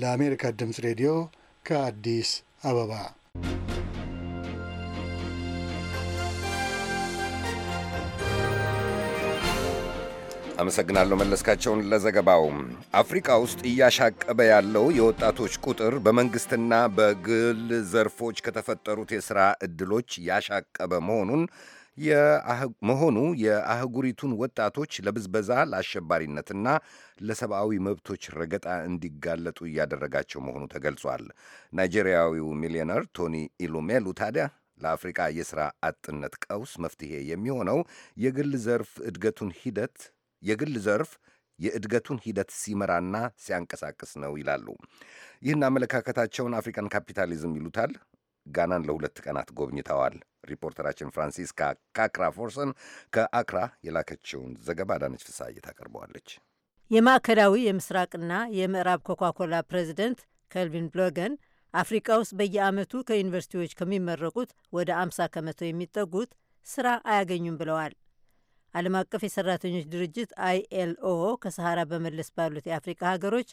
ለአሜሪካ ድምፅ ሬዲዮ ከአዲስ አበባ አመሰግናለሁ መለስካቸውን ለዘገባው። አፍሪካ ውስጥ እያሻቀበ ያለው የወጣቶች ቁጥር በመንግሥትና በግል ዘርፎች ከተፈጠሩት የሥራ ዕድሎች ያሻቀበ መሆኑን መሆኑ የአህጉሪቱን ወጣቶች ለብዝበዛ ለአሸባሪነትና ለሰብአዊ መብቶች ረገጣ እንዲጋለጡ እያደረጋቸው መሆኑ ተገልጿል። ናይጄሪያዊው ሚሊዮነር ቶኒ ኢሉሜሉ ታዲያ ለአፍሪቃ የሥራ አጥነት ቀውስ መፍትሄ የሚሆነው የግል ዘርፍ እድገቱን ሂደት የግል ዘርፍ የእድገቱን ሂደት ሲመራና ሲያንቀሳቅስ ነው ይላሉ። ይህን አመለካከታቸውን አፍሪካን ካፒታሊዝም ይሉታል። ጋናን ለሁለት ቀናት ጎብኝተዋል። ሪፖርተራችን ፍራንሲስካ ካክራ ፎርሰን ከአክራ የላከችውን ዘገባ አዳነች ፍሳይ ታቀርበዋለች። የማዕከላዊ የምስራቅና የምዕራብ ኮካኮላ ፕሬዚደንት ከልቪን ብሎገን አፍሪቃ ውስጥ በየዓመቱ ከዩኒቨርሲቲዎች ከሚመረቁት ወደ 50 ከመቶ የሚጠጉት ስራ አያገኙም ብለዋል። ዓለም አቀፍ የሰራተኞች ድርጅት አይኤልኦ ከሰሃራ በመለስ ባሉት የአፍሪካ ሀገሮች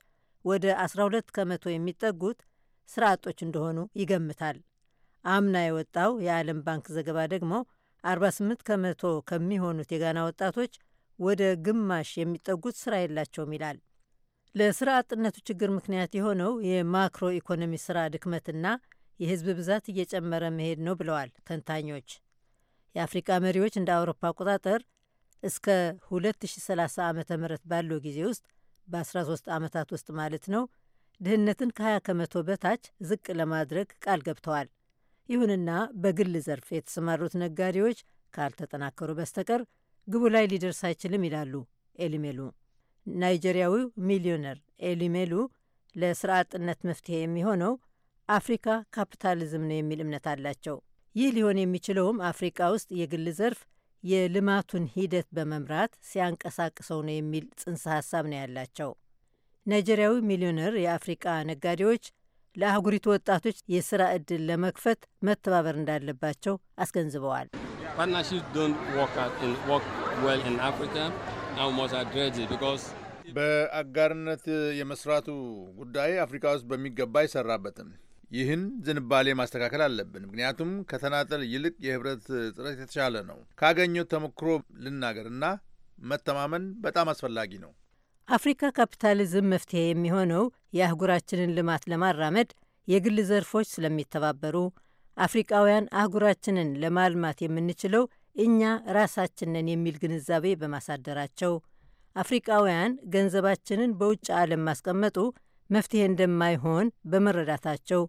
ወደ 12 ከመቶ የሚጠጉት ስራ አጦች እንደሆኑ ይገምታል። አምና የወጣው የዓለም ባንክ ዘገባ ደግሞ 48 ከመቶ ከሚሆኑት የጋና ወጣቶች ወደ ግማሽ የሚጠጉት ስራ የላቸውም ይላል። ለስራ አጥነቱ ችግር ምክንያት የሆነው የማክሮ ኢኮኖሚ ስራ ድክመትና የህዝብ ብዛት እየጨመረ መሄድ ነው ብለዋል ተንታኞች። የአፍሪቃ መሪዎች እንደ አውሮፓ አቆጣጠር እስከ 2030 ዓ ም ባለው ጊዜ ውስጥ በ13 ዓመታት ውስጥ ማለት ነው ድህነትን ከ20 ከመቶ በታች ዝቅ ለማድረግ ቃል ገብተዋል። ይሁንና በግል ዘርፍ የተሰማሩት ነጋዴዎች ካልተጠናከሩ በስተቀር ግቡ ላይ ሊደርስ አይችልም ይላሉ ኤሊሜሉ። ናይጄሪያዊው ሚሊዮነር ኤሊሜሉ ለስራ አጥነት መፍትሄ የሚሆነው አፍሪካ ካፒታሊዝም ነው የሚል እምነት አላቸው። ይህ ሊሆን የሚችለውም አፍሪካ ውስጥ የግል ዘርፍ የልማቱን ሂደት በመምራት ሲያንቀሳቅሰው ነው የሚል ጽንሰ ሀሳብ ነው ያላቸው። ናይጄሪያዊ ሚሊዮነር የአፍሪቃ ነጋዴዎች ለአህጉሪቱ ወጣቶች የስራ እድል ለመክፈት መተባበር እንዳለባቸው አስገንዝበዋል። በአጋርነት የመስራቱ ጉዳይ አፍሪካ ውስጥ በሚገባ አይሰራበትም። ይህን ዝንባሌ ማስተካከል አለብን። ምክንያቱም ከተናጠል ይልቅ የህብረት ጥረት የተሻለ ነው። ካገኘው ተሞክሮ ልናገርና መተማመን በጣም አስፈላጊ ነው። አፍሪካ ካፒታሊዝም መፍትሄ የሚሆነው የአህጉራችንን ልማት ለማራመድ የግል ዘርፎች ስለሚተባበሩ፣ አፍሪቃውያን አህጉራችንን ለማልማት የምንችለው እኛ ራሳችንን የሚል ግንዛቤ በማሳደራቸው፣ አፍሪቃውያን ገንዘባችንን በውጭ ዓለም ማስቀመጡ መፍትሄ እንደማይሆን በመረዳታቸው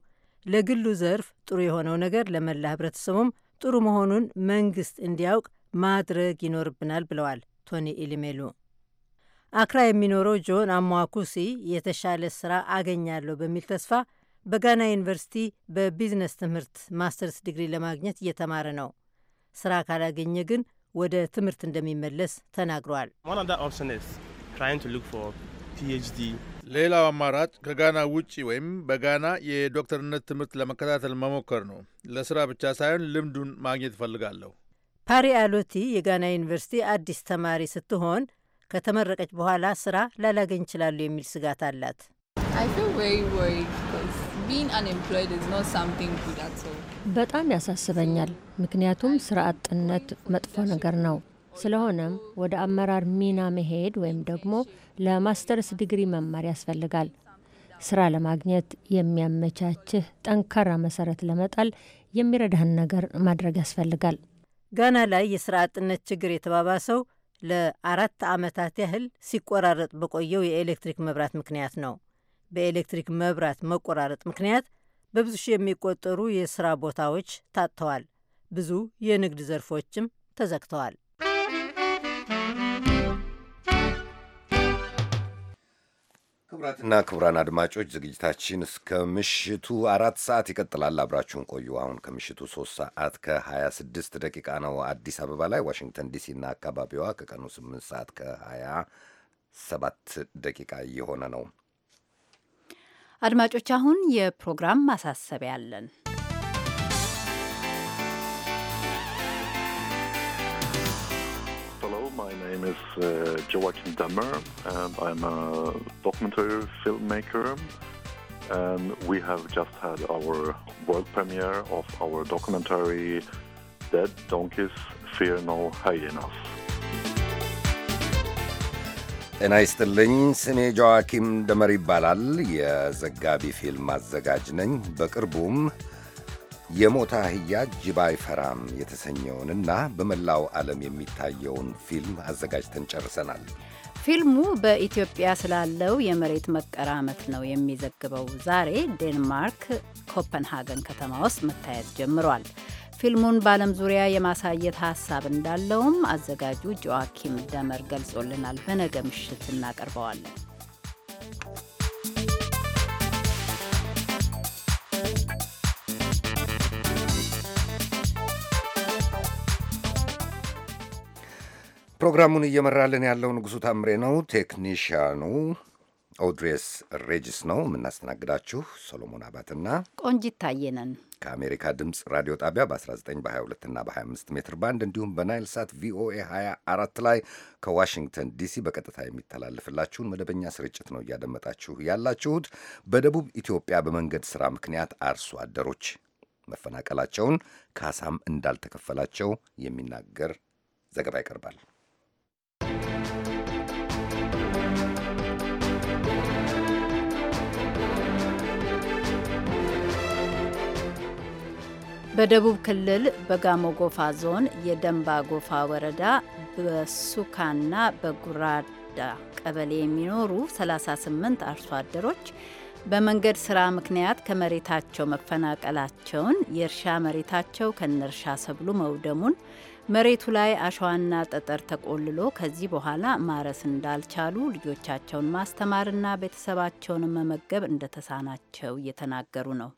ለግሉ ዘርፍ ጥሩ የሆነው ነገር ለመላ ህብረተሰቡም ጥሩ መሆኑን መንግስት እንዲያውቅ ማድረግ ይኖርብናል ብለዋል ቶኒ ኢሊሜሉ። አክራ የሚኖረው ጆን አሟኩሲ የተሻለ ስራ አገኛለሁ በሚል ተስፋ በጋና ዩኒቨርሲቲ በቢዝነስ ትምህርት ማስተርስ ዲግሪ ለማግኘት እየተማረ ነው። ስራ ካላገኘ ግን ወደ ትምህርት እንደሚመለስ ተናግሯል። ሌላው አማራጭ ከጋና ውጪ ወይም በጋና የዶክተርነት ትምህርት ለመከታተል መሞከር ነው። ለስራ ብቻ ሳይሆን ልምዱን ማግኘት እፈልጋለሁ። ፓሪ አሎቲ የጋና ዩኒቨርሲቲ አዲስ ተማሪ ስትሆን ከተመረቀች በኋላ ስራ ላላገኝ ይችላሉ የሚል ስጋት አላት። በጣም ያሳስበኛል፣ ምክንያቱም ስራ አጥነት መጥፎ ነገር ነው። ስለሆነም ወደ አመራር ሚና መሄድ ወይም ደግሞ ለማስተርስ ዲግሪ መማር ያስፈልጋል። ስራ ለማግኘት የሚያመቻችህ ጠንካራ መሰረት ለመጣል የሚረዳህን ነገር ማድረግ ያስፈልጋል። ጋና ላይ የስራ አጥነት ችግር የተባባሰው ለአራት ዓመታት ያህል ሲቆራረጥ በቆየው የኤሌክትሪክ መብራት ምክንያት ነው። በኤሌክትሪክ መብራት መቆራረጥ ምክንያት በብዙ ሺህ የሚቆጠሩ የስራ ቦታዎች ታጥተዋል። ብዙ የንግድ ዘርፎችም ተዘግተዋል። ክቡራትና ክቡራን አድማጮች ዝግጅታችን እስከ ምሽቱ አራት ሰዓት ይቀጥላል። አብራችሁን ቆዩ። አሁን ከምሽቱ ሶስት ሰዓት ከ26 ደቂቃ ነው አዲስ አበባ ላይ። ዋሽንግተን እና አካባቢዋ ከቀኑ 8 ሰዓት ከ27 ደቂቃ እየሆነ ነው። አድማጮች አሁን የፕሮግራም ማሳሰቢያለን። name is uh, Joachim Dammer, and I'm a documentary filmmaker. And we have just had our world premiere of our documentary Dead Donkeys Fear No Hyenas. ጤና ይስጥልኝ። ስሜ ጆዋኪም ደመር ይባላል። የዘጋቢ ፊልም አዘጋጅ ነኝ። በቅርቡም የሞታ አህያ ጅብ አይፈራም የተሰኘውንና በመላው ዓለም የሚታየውን ፊልም አዘጋጅተን ጨርሰናል። ፊልሙ በኢትዮጵያ ስላለው የመሬት መቀራመት ነው የሚዘግበው። ዛሬ ዴንማርክ ኮፐንሃገን ከተማ ውስጥ መታየት ጀምሯል። ፊልሙን በዓለም ዙሪያ የማሳየት ሀሳብ እንዳለውም አዘጋጁ ጆዋኪም ደመር ገልጾልናል። በነገ ምሽት እናቀርበዋለን። ፕሮግራሙን እየመራልን ያለው ንጉሱ ታምሬ ነው። ቴክኒሽያኑ ኦድሬስ ሬጅስ ነው። የምናስተናግዳችሁ ሰሎሞን አባትና ቆንጂት ታየነን ከአሜሪካ ድምፅ ራዲዮ ጣቢያ በ19 በ22 እና በ25 ሜትር ባንድ እንዲሁም በናይል ሳት ቪኦኤ 24 ላይ ከዋሽንግተን ዲሲ በቀጥታ የሚተላለፍላችሁን መደበኛ ስርጭት ነው እያደመጣችሁ ያላችሁት። በደቡብ ኢትዮጵያ በመንገድ ስራ ምክንያት አርሶ አደሮች መፈናቀላቸውን ካሳም እንዳልተከፈላቸው የሚናገር ዘገባ ይቀርባል። በደቡብ ክልል በጋሞ ጎፋ ዞን የደንባ ጎፋ ወረዳ በሱካና በጉራዳ ቀበሌ የሚኖሩ 38 አርሶ አደሮች በመንገድ ስራ ምክንያት ከመሬታቸው መፈናቀላቸውን፣ የእርሻ መሬታቸው ከነርሻ ሰብሉ መውደሙን፣ መሬቱ ላይ አሸዋና ጠጠር ተቆልሎ ከዚህ በኋላ ማረስ እንዳልቻሉ፣ ልጆቻቸውን ማስተማርና ቤተሰባቸውን መመገብ እንደተሳናቸው እየተናገሩ ነው።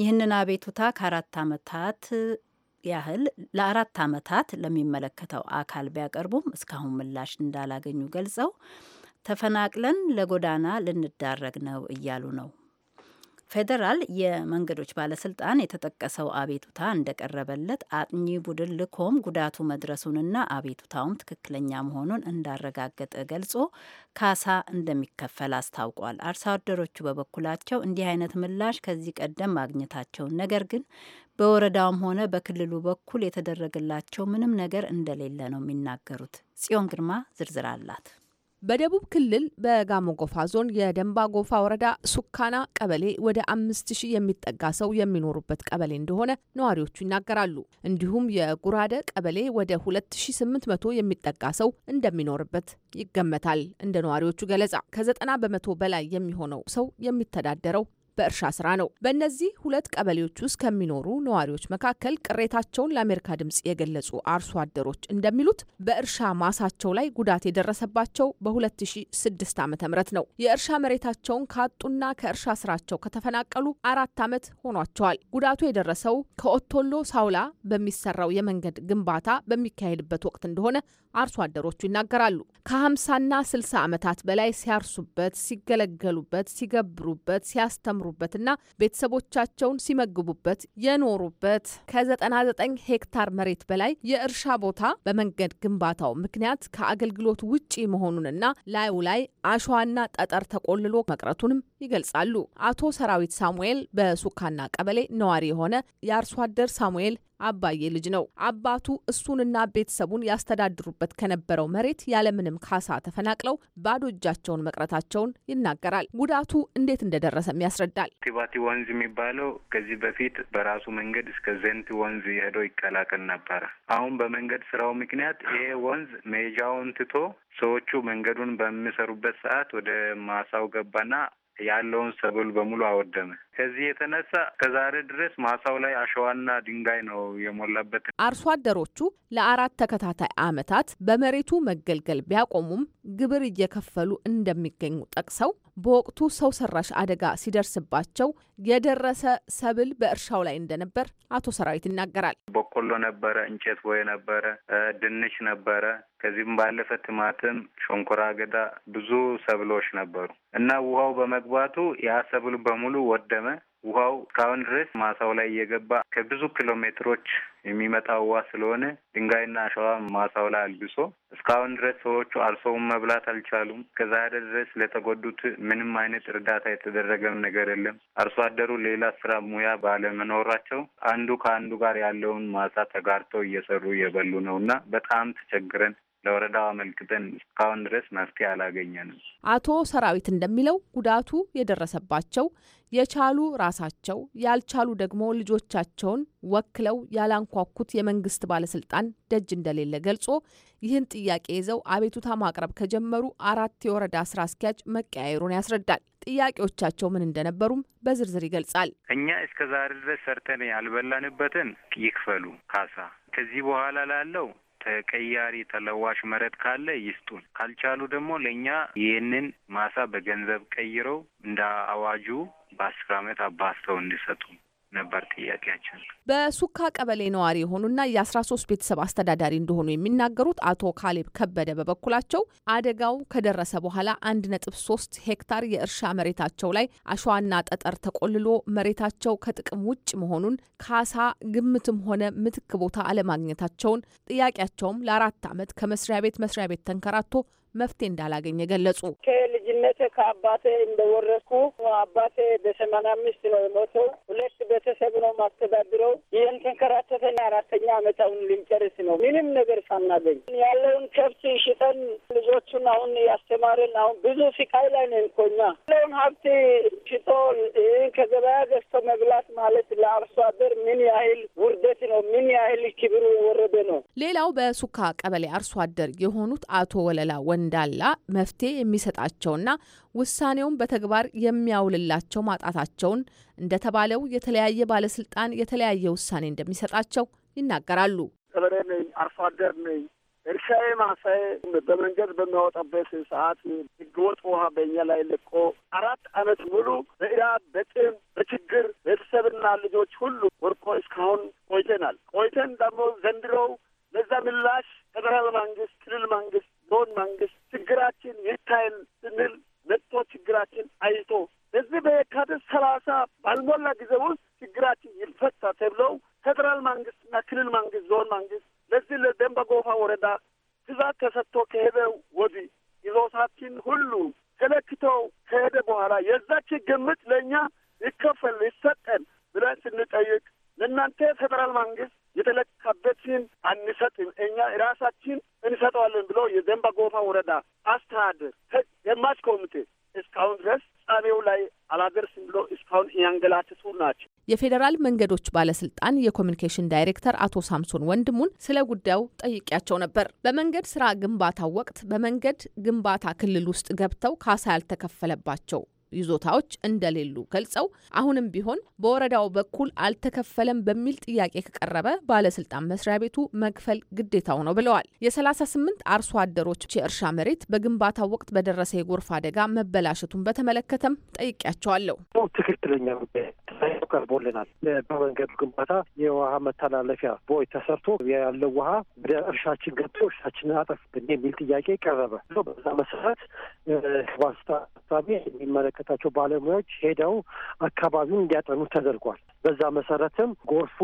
ይህንን አቤቱታ ከአራት ዓመታት ያህል ለአራት ዓመታት ለሚመለከተው አካል ቢያቀርቡም እስካሁን ምላሽ እንዳላገኙ ገልጸው ተፈናቅለን ለጎዳና ልንዳረግ ነው እያሉ ነው ፌዴራል የመንገዶች ባለስልጣን የተጠቀሰው አቤቱታ እንደቀረበለት አጥኚ ቡድን ልኮም ጉዳቱ መድረሱንና አቤቱታውም ትክክለኛ መሆኑን እንዳረጋገጠ ገልጾ ካሳ እንደሚከፈል አስታውቋል። አርሶ አደሮቹ በበኩላቸው እንዲህ አይነት ምላሽ ከዚህ ቀደም ማግኘታቸውን ነገር ግን በወረዳውም ሆነ በክልሉ በኩል የተደረገላቸው ምንም ነገር እንደሌለ ነው የሚናገሩት። ጽዮን ግርማ ዝርዝር አላት። በደቡብ ክልል በጋሞ ጎፋ ዞን የደንባ ጎፋ ወረዳ ሱካና ቀበሌ ወደ አምስት ሺህ የሚጠጋ ሰው የሚኖሩበት ቀበሌ እንደሆነ ነዋሪዎቹ ይናገራሉ። እንዲሁም የጉራደ ቀበሌ ወደ ሁለት ሺህ ስምንት መቶ የሚጠጋ ሰው እንደሚኖርበት ይገመታል። እንደ ነዋሪዎቹ ገለጻ ከዘጠና በመቶ በላይ የሚሆነው ሰው የሚተዳደረው በእርሻ ስራ ነው። በእነዚህ ሁለት ቀበሌዎች ውስጥ ከሚኖሩ ነዋሪዎች መካከል ቅሬታቸውን ለአሜሪካ ድምጽ የገለጹ አርሶ አደሮች እንደሚሉት በእርሻ ማሳቸው ላይ ጉዳት የደረሰባቸው በ2006 ዓ.ም ነው። የእርሻ መሬታቸውን ካጡና ከእርሻ ስራቸው ከተፈናቀሉ አራት ዓመት ሆኗቸዋል። ጉዳቱ የደረሰው ከኦቶሎ ሳውላ በሚሰራው የመንገድ ግንባታ በሚካሄድበት ወቅት እንደሆነ አርሶ አደሮቹ ይናገራሉ። ከ50ና 60 ዓመታት በላይ ሲያርሱበት፣ ሲገለገሉበት፣ ሲገብሩበት፣ ሲያስተምሩ ሲያበሩበትና ቤተሰቦቻቸውን ሲመግቡበት የኖሩበት ከ99 ሄክታር መሬት በላይ የእርሻ ቦታ በመንገድ ግንባታው ምክንያት ከአገልግሎት ውጪ መሆኑንና ላዩ ላይ አሸዋና ጠጠር ተቆልሎ መቅረቱንም ይገልጻሉ። አቶ ሰራዊት ሳሙኤል በሱካና ቀበሌ ነዋሪ የሆነ የአርሶ አደር ሳሙኤል አባዬ ልጅ ነው። አባቱ እሱንና ቤተሰቡን ያስተዳድሩበት ከነበረው መሬት ያለምንም ካሳ ተፈናቅለው ባዶ እጃቸውን መቅረታቸውን ይናገራል። ጉዳቱ እንዴት እንደደረሰም ያስረዳል። ቲባቲ ወንዝ የሚባለው ከዚህ በፊት በራሱ መንገድ እስከ ዘንቲ ወንዝ ሄዶ ይቀላቀል ነበረ። አሁን በመንገድ ስራው ምክንያት ይሄ ወንዝ ሜጃውን ትቶ ሰዎቹ መንገዱን በሚሰሩበት ሰዓት ወደ ማሳው ገባና ያለውን ሰብል በሙሉ አወደመ። ከዚህ የተነሳ ከዛሬ ድረስ ማሳው ላይ አሸዋና ድንጋይ ነው የሞላበት። አርሶ አደሮቹ ለአራት ተከታታይ ዓመታት በመሬቱ መገልገል ቢያቆሙም ግብር እየከፈሉ እንደሚገኙ ጠቅሰው በወቅቱ ሰው ሰራሽ አደጋ ሲደርስባቸው የደረሰ ሰብል በእርሻው ላይ እንደነበር አቶ ሰራዊት ይናገራል። በቆሎ ነበረ፣ እንጨት ቦይ ነበረ፣ ድንች ነበረ። ከዚህም ባለፈ ትማትም ሸንኮራ አገዳ፣ ብዙ ሰብሎች ነበሩ እና ውሃው በመግባቱ ያ ሰብል በሙሉ ወደመ። ውሃው እስካሁን ድረስ ማሳው ላይ እየገባ ከብዙ ኪሎ ሜትሮች የሚመጣ ውሃ ስለሆነ ድንጋይና አሸዋ ማሳው ላይ አልብሶ እስካሁን ድረስ ሰዎቹ አልሰውም መብላት አልቻሉም። ከዛሬ ድረስ ለተጎዱት ምንም አይነት እርዳታ የተደረገም ነገር የለም። አርሶ አደሩ ሌላ ስራ ሙያ ባለመኖራቸው አንዱ ከአንዱ ጋር ያለውን ማሳ ተጋርተው እየሰሩ እየበሉ ነው እና በጣም ተቸግረን ለወረዳው አመልክተን እስካሁን ድረስ መፍትሄ አላገኘንም። አቶ ሰራዊት እንደሚለው ጉዳቱ የደረሰባቸው የቻሉ ራሳቸው ያልቻሉ ደግሞ ልጆቻቸውን ወክለው ያላንኳኩት የመንግስት ባለስልጣን ደጅ እንደሌለ ገልጾ ይህን ጥያቄ ይዘው አቤቱታ ማቅረብ ከጀመሩ አራት የወረዳ ስራ አስኪያጅ መቀያየሩን ያስረዳል። ጥያቄዎቻቸው ምን እንደነበሩም በዝርዝር ይገልጻል። እኛ እስከ ዛሬ ድረስ ሰርተን ያልበላንበትን ይክፈሉ ካሳ። ከዚህ በኋላ ላለው ተቀያሪ ተለዋሽ መሬት ካለ ይስጡን፣ ካልቻሉ ደግሞ ለእኛ ይህንን ማሳ በገንዘብ ቀይረው እንደ አዋጁ በአስር አመት አባስተው እንዲሰጡ ነበር ጥያቄያችን። በሱካ ቀበሌ ነዋሪ የሆኑና የአስራ ሶስት ቤተሰብ አስተዳዳሪ እንደሆኑ የሚናገሩት አቶ ካሌብ ከበደ በበኩላቸው አደጋው ከደረሰ በኋላ አንድ ነጥብ ሶስት ሄክታር የእርሻ መሬታቸው ላይ አሸዋና ጠጠር ተቆልሎ መሬታቸው ከጥቅም ውጭ መሆኑን ካሳ ግምትም ሆነ ምትክ ቦታ አለማግኘታቸውን ጥያቄያቸውም ለአራት ዓመት ከመስሪያ ቤት መስሪያ ቤት ተንከራቶ መፍትሄ እንዳላገኘ ገለጹ። ከልጅነቴ ከአባቴ እንደወረስኩ አባቴ በሰማንያ አምስት ነው የሞተው። ሁለት ቤተሰብ ነው ማስተዳድረው። ይህን ተንከራተተን አራተኛ አመታውን ልንጨርስ ነው ምንም ነገር ሳናገኝ ያለውን ከብት ሽጠን ልጆቹን አሁን ያስተማርን አሁን ብዙ ስቃይ ላይ ነን እኮ እኛ ያለውን ሀብት ሽጦ ይህን ከገበያ ገዝቶ መብላት ማለት ለአርሶ አደር ምን ያህል ውርደት ነው፣ ምን ያህል ክብሩ የወረደ ነው። ሌላው በሱካ ቀበሌ አርሶ አደር የሆኑት አቶ ወለላ ወን እንዳላ መፍትሄ የሚሰጣቸውና ውሳኔውን በተግባር የሚያውልላቸው ማጣታቸውን እንደተባለው የተለያየ ባለስልጣን የተለያየ ውሳኔ እንደሚሰጣቸው ይናገራሉ። ገበሬ ነኝ፣ አርሶ አደር ነኝ፣ እርሻዬ ማሳዬ በመንገድ በሚያወጣበት ሰዓት ህገወጥ ውሃ በእኛ ላይ ልቆ አራት አመት ሙሉ በእራብ በጥም በችግር ቤተሰብና ልጆች ሁሉ ወርቆ እስካሁን ቆይተናል። ቆይተን ደግሞ ዘንድሮው ለዛ ምላሽ ፌደራል መንግስት፣ ክልል መንግስት ዞን መንግስት ችግራችን ይታይል ስንል መጥቶ ችግራችን አይቶ እዚህ በየካቲት ሰላሳ ባልሞላ ጊዜ ውስጥ ችግራችን ይፈታ ተብለው ፌዴራል መንግስትና ክልል መንግስት ዞን መንግስት ለዚህ ለደንበ ጎፋ ወረዳ ትእዛዝ ተሰጥቶ ከሄደ ወዲህ ይዞታችን ሁሉ ተለክቶ ከሄደ በኋላ የዛች ግምት ለእኛ ይከፈል ይሰጠን ብለን ስንጠይቅ ለእናንተ ፌዴራል መንግስት የተለካበትን አንሰጥም እኛ ራሳችን እንሰጠዋለን ብሎ የዘንባ ጎፋ ወረዳ አስተዳደር የማች ኮሚቴ እስካሁን ድረስ ፍጻሜው ላይ አላደርስም ብሎ እስካሁን እያንገላትሱ ናቸው። የፌዴራል መንገዶች ባለስልጣን የኮሚኒኬሽን ዳይሬክተር አቶ ሳምሶን ወንድሙን ስለ ጉዳዩ ጠይቄያቸው ነበር። በመንገድ ስራ ግንባታው ወቅት በመንገድ ግንባታ ክልል ውስጥ ገብተው ካሳ ያልተከፈለባቸው ይዞታዎች እንደሌሉ ገልጸው አሁንም ቢሆን በወረዳው በኩል አልተከፈለም በሚል ጥያቄ ከቀረበ ባለስልጣን መስሪያ ቤቱ መክፈል ግዴታው ነው ብለዋል። የ38 አርሶ አደሮች የእርሻ መሬት በግንባታው ወቅት በደረሰ የጎርፍ አደጋ መበላሸቱን በተመለከተም ጠይቄያቸዋለሁ። ትክክለኛ ቀርቦልናል። በመንገዱ ግንባታ የውሃ መተላለፊያ ቦይ ተሰርቶ ያለው ውሃ ወደ እርሻችን ገብቶ እርሻችንን አጠፍብን የሚል ጥያቄ ቀረበ። በዛ መሰረት ዋስታ ሳቢ የሚመለከ የሚመለከታቸው ባለሙያዎች ሄደው አካባቢውን እንዲያጠኑ ተደርጓል። በዛ መሰረትም ጎርፉ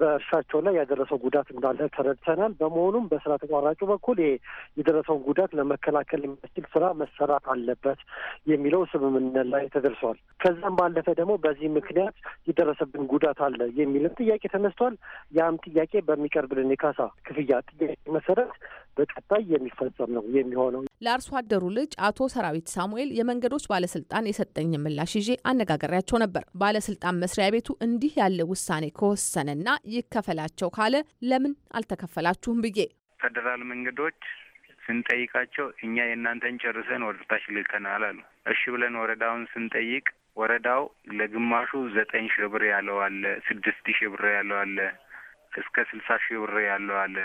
በእርሻቸው ላይ ያደረሰው ጉዳት እንዳለ ተረድተናል። በመሆኑም በስራ ተቋራጩ በኩል ይሄ የደረሰውን ጉዳት ለመከላከል የሚያስችል ስራ መሰራት አለበት የሚለው ስምምነት ላይ ተደርሷል። ከዛም ባለፈ ደግሞ በዚህ ምክንያት የደረሰብን ጉዳት አለ የሚልም ጥያቄ ተነስቷል። ያም ጥያቄ በሚቀርብልን የካሳ ክፍያ ጥያቄ መሰረት በቀጣይ የሚፈጸም ነው የሚሆነው። ለአርሶ አደሩ ልጅ አቶ ሰራዊት ሳሙኤል የመንገዶች ባለስልጣን የሰጠኝ ምላሽ ይዤ አነጋገሪያቸው ነበር። ባለስልጣን መስሪያ ቤቱ እንዲህ ያለ ውሳኔ ከወሰነና ይከፈላቸው ካለ ለምን አልተከፈላችሁም ብዬ ፌዴራል መንገዶች ስንጠይቃቸው እኛ የእናንተን ጨርሰን ወደታች ልከናል አሉ። እሺ ብለን ወረዳውን ስንጠይቅ ወረዳው ለግማሹ ዘጠኝ ሺህ ብር ያለው አለ፣ ስድስት ሺህ ብር ያለው አለ፣ እስከ ስልሳ ሺህ ብር ያለው አለ፣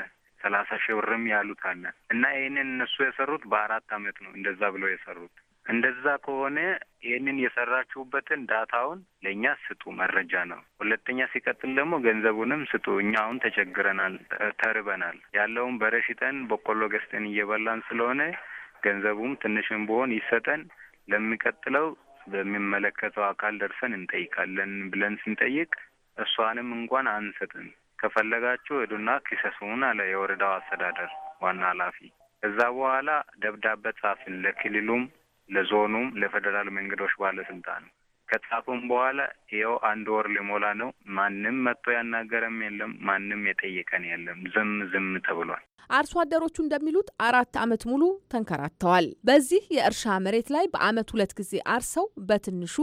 ሰላሳ ሺህ ብርም ያሉት አለ እና ይህንን እነሱ የሰሩት በአራት አመት ነው እንደዛ ብለው የሰሩት እንደዛ ከሆነ ይህንን የሰራችሁበትን ዳታውን ለእኛ ስጡ፣ መረጃ ነው። ሁለተኛ ሲቀጥል ደግሞ ገንዘቡንም ስጡ። እኛ አሁን ተቸግረናል፣ ተርበናል። ያለውን በረሽጠን በቆሎ ገዝተን እየበላን ስለሆነ ገንዘቡም ትንሽም ቢሆን ይሰጠን። ለሚቀጥለው በሚመለከተው አካል ደርሰን እንጠይቃለን ብለን ስንጠይቅ እሷንም እንኳን አንሰጥም። ከፈለጋችሁ እዱና ክሰሱን አለ የወረዳው አስተዳደር ዋና ኃላፊ። ከዛ በኋላ ደብዳቤ ጻፍን ለክልሉም ለዞኑም ለፌዴራል መንገዶች ባለስልጣን ነው። ከጻፉም በኋላ ይኸው አንድ ወር ሊሞላ ነው። ማንም መጥቶ ያናገረም የለም፣ ማንም የጠየቀን የለም። ዝም ዝም ተብሏል። አርሶ አደሮቹ እንደሚሉት አራት ዓመት ሙሉ ተንከራተዋል። በዚህ የእርሻ መሬት ላይ በዓመት ሁለት ጊዜ አርሰው በትንሹ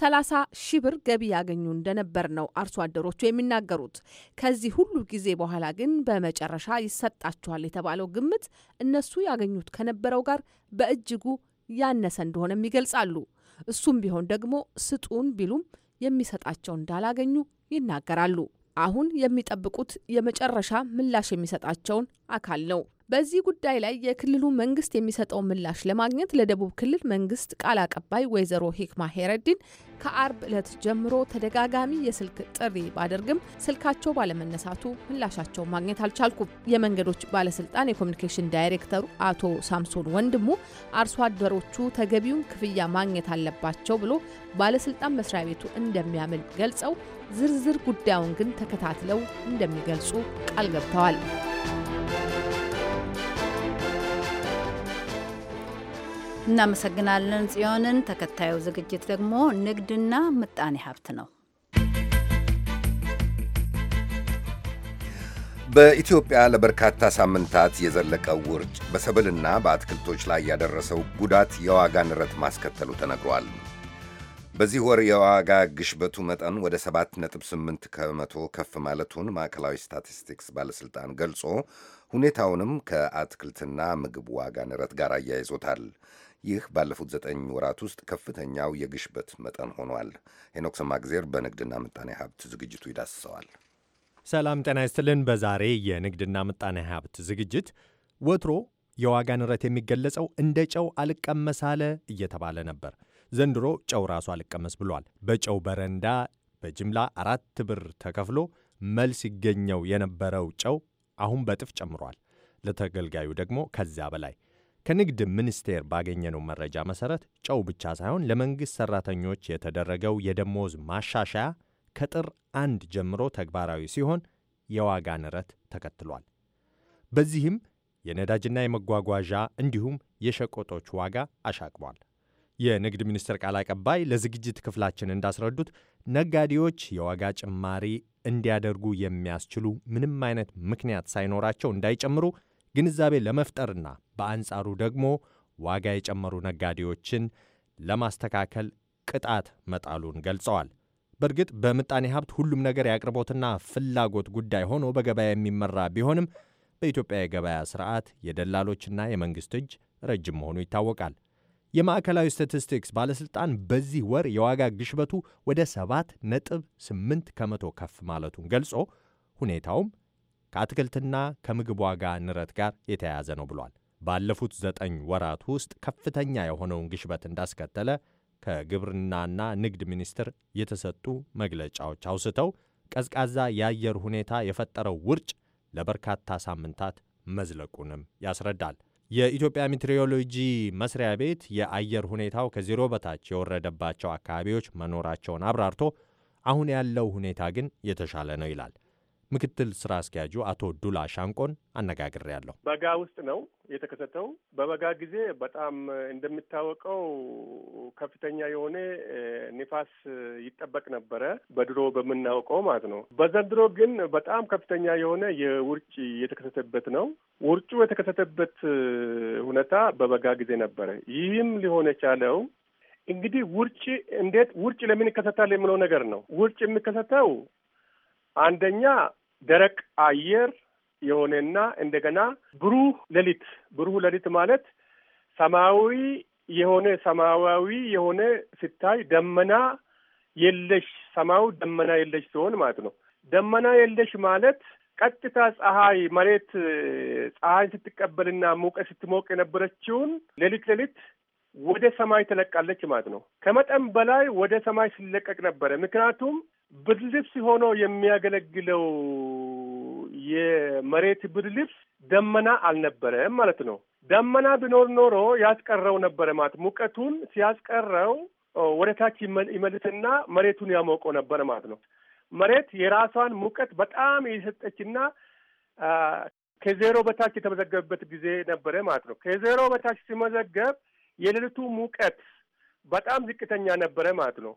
ሰላሳ ሺህ ብር ገቢ ያገኙ እንደነበር ነው አርሶ አደሮቹ የሚናገሩት። ከዚህ ሁሉ ጊዜ በኋላ ግን በመጨረሻ ይሰጣቸዋል የተባለው ግምት እነሱ ያገኙት ከነበረው ጋር በእጅጉ ያነሰ እንደሆነም ይገልጻሉ። እሱም ቢሆን ደግሞ ስጡን ቢሉም የሚሰጣቸው እንዳላገኙ ይናገራሉ። አሁን የሚጠብቁት የመጨረሻ ምላሽ የሚሰጣቸውን አካል ነው። በዚህ ጉዳይ ላይ የክልሉ መንግስት የሚሰጠው ምላሽ ለማግኘት ለደቡብ ክልል መንግስት ቃል አቀባይ ወይዘሮ ሂክማ ሄረዲን ከአርብ ዕለት ጀምሮ ተደጋጋሚ የስልክ ጥሪ ባደርግም ስልካቸው ባለመነሳቱ ምላሻቸው ማግኘት አልቻልኩም። የመንገዶች ባለስልጣን የኮሚኒኬሽን ዳይሬክተሩ አቶ ሳምሶን ወንድሙ አርሶ አደሮቹ ተገቢውን ክፍያ ማግኘት አለባቸው ብሎ ባለስልጣን መስሪያ ቤቱ እንደሚያምን ገልጸው ዝርዝር ጉዳዩን ግን ተከታትለው እንደሚገልጹ ቃል ገብተዋል። እናመሰግናለን ጽዮንን። ተከታዩ ዝግጅት ደግሞ ንግድና ምጣኔ ሀብት ነው። በኢትዮጵያ ለበርካታ ሳምንታት የዘለቀው ውርጭ በሰብልና በአትክልቶች ላይ ያደረሰው ጉዳት የዋጋ ንረት ማስከተሉ ተነግሯል። በዚህ ወር የዋጋ ግሽበቱ መጠን ወደ 7.8 ከመቶ ከፍ ማለቱን ማዕከላዊ ስታቲስቲክስ ባለሥልጣን ገልጾ ሁኔታውንም ከአትክልትና ምግብ ዋጋ ንረት ጋር አያይዞታል። ይህ ባለፉት ዘጠኝ ወራት ውስጥ ከፍተኛው የግሽበት መጠን ሆኗል። ሄኖክ ሰማግዜር በንግድና ምጣኔ ሀብት ዝግጅቱ ይዳስሰዋል። ሰላም ጤና ይስጥልን። በዛሬ የንግድና ምጣኔ ሀብት ዝግጅት ወትሮ የዋጋ ንረት የሚገለጸው እንደ ጨው አልቀመሳለ እየተባለ ነበር። ዘንድሮ ጨው ራሱ አልቀመስ ብሏል። በጨው በረንዳ በጅምላ አራት ብር ተከፍሎ መልስ ይገኘው የነበረው ጨው አሁን በጥፍ ጨምሯል። ለተገልጋዩ ደግሞ ከዚያ በላይ ከንግድ ሚኒስቴር ባገኘነው መረጃ መሰረት ጨው ብቻ ሳይሆን ለመንግሥት ሠራተኞች የተደረገው የደሞዝ ማሻሻያ ከጥር አንድ ጀምሮ ተግባራዊ ሲሆን የዋጋ ንረት ተከትሏል። በዚህም የነዳጅና የመጓጓዣ እንዲሁም የሸቀጦች ዋጋ አሻቅቧል። የንግድ ሚኒስቴር ቃል አቀባይ ለዝግጅት ክፍላችን እንዳስረዱት ነጋዴዎች የዋጋ ጭማሪ እንዲያደርጉ የሚያስችሉ ምንም አይነት ምክንያት ሳይኖራቸው እንዳይጨምሩ ግንዛቤ ለመፍጠርና በአንጻሩ ደግሞ ዋጋ የጨመሩ ነጋዴዎችን ለማስተካከል ቅጣት መጣሉን ገልጸዋል። በእርግጥ በምጣኔ ሀብት ሁሉም ነገር የአቅርቦትና ፍላጎት ጉዳይ ሆኖ በገበያ የሚመራ ቢሆንም በኢትዮጵያ የገበያ ስርዓት የደላሎችና የመንግሥት እጅ ረጅም መሆኑ ይታወቃል። የማዕከላዊ ስታቲስቲክስ ባለሥልጣን በዚህ ወር የዋጋ ግሽበቱ ወደ 7 ነጥብ 8 ከመቶ ከፍ ማለቱን ገልጾ ሁኔታውም ከአትክልትና ከምግብ ዋጋ ንረት ጋር የተያያዘ ነው ብሏል። ባለፉት ዘጠኝ ወራት ውስጥ ከፍተኛ የሆነውን ግሽበት እንዳስከተለ ከግብርናና ንግድ ሚኒስቴር የተሰጡ መግለጫዎች አውስተው ቀዝቃዛ የአየር ሁኔታ የፈጠረው ውርጭ ለበርካታ ሳምንታት መዝለቁንም ያስረዳል። የኢትዮጵያ ሜትሮሎጂ መስሪያ ቤት የአየር ሁኔታው ከዜሮ በታች የወረደባቸው አካባቢዎች መኖራቸውን አብራርቶ አሁን ያለው ሁኔታ ግን የተሻለ ነው ይላል። ምክትል ስራ አስኪያጁ አቶ ዱላ ሻንቆን አነጋግሬያለሁ። በጋ ውስጥ ነው የተከሰተው። በበጋ ጊዜ በጣም እንደሚታወቀው ከፍተኛ የሆነ ንፋስ ይጠበቅ ነበረ፣ በድሮ በምናውቀው ማለት ነው። በዘንድሮ ግን በጣም ከፍተኛ የሆነ የውርጭ የተከሰተበት ነው። ውርጩ የተከሰተበት ሁኔታ በበጋ ጊዜ ነበረ። ይህም ሊሆን የቻለው እንግዲህ ውርጭ እንዴት ውርጭ ለምን ይከሰታል የሚለው ነገር ነው። ውርጭ የሚከሰተው አንደኛ ደረቅ አየር የሆነና እንደገና ብሩህ ሌሊት ብሩህ ሌሊት ማለት ሰማያዊ የሆነ ሰማያዊ የሆነ ሲታይ ደመና የለሽ ሰማዩ ደመና የለሽ ሲሆን ማለት ነው። ደመና የለሽ ማለት ቀጥታ ፀሐይ መሬት ፀሐይ ስትቀበልና ሙቀት ስትሞቅ የነበረችውን ሌሊት ሌሊት ወደ ሰማይ ትለቃለች ማለት ነው። ከመጠን በላይ ወደ ሰማይ ሲለቀቅ ነበረ። ምክንያቱም ብርድ ልብስ ሆኖ የሚያገለግለው የመሬት ብርድ ልብስ ደመና አልነበረም ማለት ነው። ደመና ቢኖር ኖሮ ያስቀረው ነበረ ማለት ሙቀቱን ሲያስቀረው ወደ ታች ይመልስና መሬቱን ያሞቀ ነበረ ማለት ነው። መሬት የራሷን ሙቀት በጣም የሰጠችና ከዜሮ በታች የተመዘገበበት ጊዜ ነበረ ማለት ነው። ከዜሮ በታች ሲመዘገብ የሌሊቱ ሙቀት በጣም ዝቅተኛ ነበረ ማለት ነው።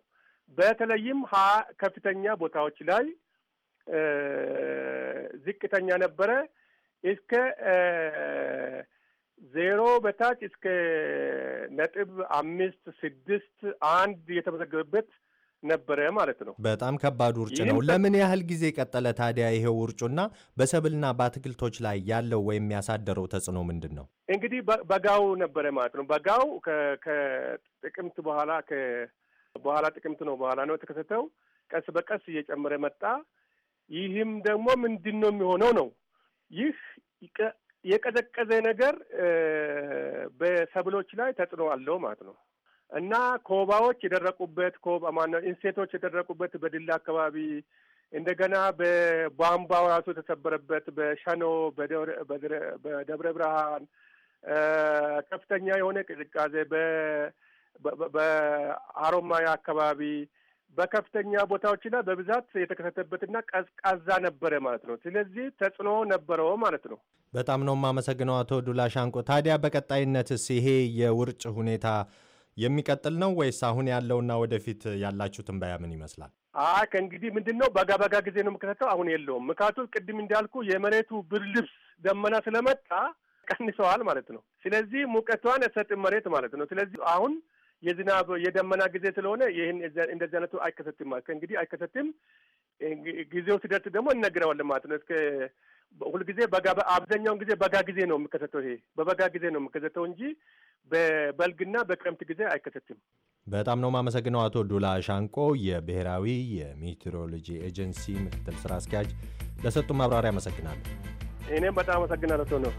በተለይም ሀ ከፍተኛ ቦታዎች ላይ ዝቅተኛ ነበረ። እስከ ዜሮ በታች እስከ ነጥብ አምስት ስድስት አንድ የተመዘገበበት ነበረ ማለት ነው። በጣም ከባድ ውርጭ ነው። ለምን ያህል ጊዜ ቀጠለ ታዲያ ይሄው ውርጩና በሰብልና በአትክልቶች ላይ ያለው ወይም ያሳደረው ተጽዕኖ ምንድን ነው? እንግዲህ በጋው ነበረ ማለት ነው። በጋው ከጥቅምት በኋላ በኋላ ጥቅምት ነው በኋላ ነው የተከሰተው። ቀስ በቀስ እየጨመረ መጣ። ይህም ደግሞ ምንድን ነው የሚሆነው ነው ይህ የቀዘቀዘ ነገር በሰብሎች ላይ ተጽዕኖ አለው ማለት ነው እና ኮባዎች የደረቁበት ኮባ ማነው ኢንሴቶች የደረቁበት በድላ አካባቢ እንደገና በቧንቧው ራሱ የተሰበረበት በሸኖ በደብረ ብርሃን ከፍተኛ የሆነ ቅዝቃዜ በአሮማያ አካባቢ በከፍተኛ ቦታዎች ቦታዎችና በብዛት የተከሰተበትና ቀዝቃዛ ነበረ ማለት ነው። ስለዚህ ተጽዕኖ ነበረው ማለት ነው። በጣም ነው የማመሰግነው አቶ ዱላ ሻንቆ። ታዲያ በቀጣይነትስ ይሄ የውርጭ ሁኔታ የሚቀጥል ነው ወይስ አሁን ያለውና ወደፊት ያላችሁ ትንበያ ምን ይመስላል? አይ ከእንግዲህ ምንድን ነው በጋ በጋ ጊዜ ነው የምከሰተው። አሁን የለውም። ምክንያቱ ቅድም እንዳልኩ የመሬቱ ብርድ ልብስ ደመና ስለመጣ ቀንሰዋል ማለት ነው። ስለዚህ ሙቀቷን አትሰጥም መሬት ማለት ነው። ስለዚህ አሁን የዝናብ የደመና ጊዜ ስለሆነ ይህን እንደዚህ አይነቱ አይከሰትም ማለት እንግዲህ አይከሰትም። ጊዜው ሲደርስ ደግሞ እነግረዋለን ማለት ነው። እስከ ሁልጊዜ በጋ አብዛኛውን ጊዜ በጋ ጊዜ ነው የሚከሰተው። ይሄ በበጋ ጊዜ ነው የሚከሰተው እንጂ በበልግና በክረምት ጊዜ አይከሰትም። በጣም ነው የማመሰግነው አቶ ዱላ ሻንቆ የብሔራዊ የሜትሮሎጂ ኤጀንሲ ምክትል ስራ አስኪያጅ ለሰጡ ማብራሪያ አመሰግናለሁ። እኔም በጣም አመሰግናለሁ ቶኖክ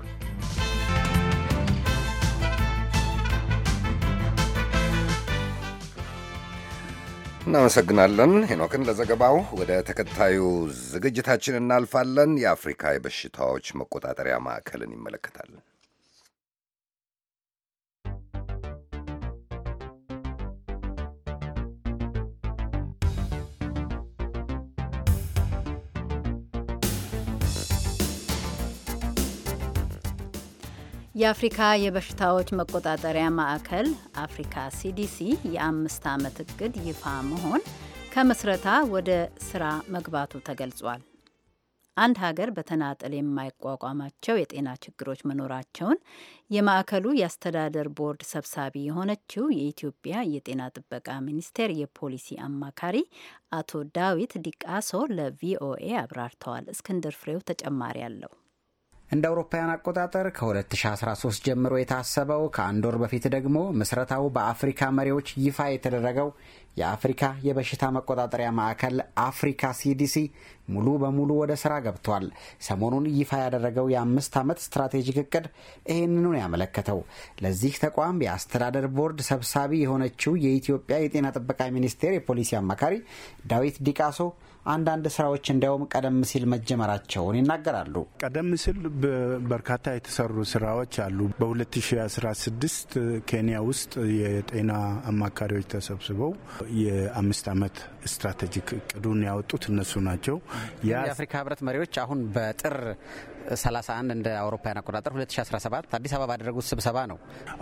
እናመሰግናለን ሄኖክን ለዘገባው። ወደ ተከታዩ ዝግጅታችን እናልፋለን። የአፍሪካ የበሽታዎች መቆጣጠሪያ ማዕከልን ይመለከታል። የአፍሪካ የበሽታዎች መቆጣጠሪያ ማዕከል አፍሪካ ሲዲሲ የአምስት ዓመት እቅድ ይፋ መሆን ከምስረታ ወደ ስራ መግባቱ ተገልጿል። አንድ ሀገር በተናጠል የማይቋቋማቸው የጤና ችግሮች መኖራቸውን የማዕከሉ የአስተዳደር ቦርድ ሰብሳቢ የሆነችው የኢትዮጵያ የጤና ጥበቃ ሚኒስቴር የፖሊሲ አማካሪ አቶ ዳዊት ዲቃሶ ለቪኦኤ አብራርተዋል። እስክንድር ፍሬው ተጨማሪ አለው። እንደ አውሮፓውያን አቆጣጠር ከ2013 ጀምሮ የታሰበው ከአንድ ወር በፊት ደግሞ ምስረታው በአፍሪካ መሪዎች ይፋ የተደረገው የአፍሪካ የበሽታ መቆጣጠሪያ ማዕከል አፍሪካ ሲዲሲ ሙሉ በሙሉ ወደ ስራ ገብቷል። ሰሞኑን ይፋ ያደረገው የአምስት ዓመት ስትራቴጂክ እቅድ ይህንኑን ያመለከተው። ለዚህ ተቋም የአስተዳደር ቦርድ ሰብሳቢ የሆነችው የኢትዮጵያ የጤና ጥበቃ ሚኒስቴር የፖሊሲ አማካሪ ዳዊት ዲቃሶ አንዳንድ ስራዎች እንዲያውም ቀደም ሲል መጀመራቸውን ይናገራሉ። ቀደም ሲል በርካታ የተሰሩ ስራዎች አሉ። በ2016 ኬንያ ውስጥ የጤና አማካሪዎች ተሰብስበው የአምስት ዓመት ስትራቴጂክ እቅዱን ያወጡት እነሱ ናቸው። የአፍሪካ ህብረት መሪዎች አሁን በጥር 31 እንደ አውሮፓውያን አቆጣጠር 2017 አዲስ አበባ ባደረጉት ስብሰባ ነው።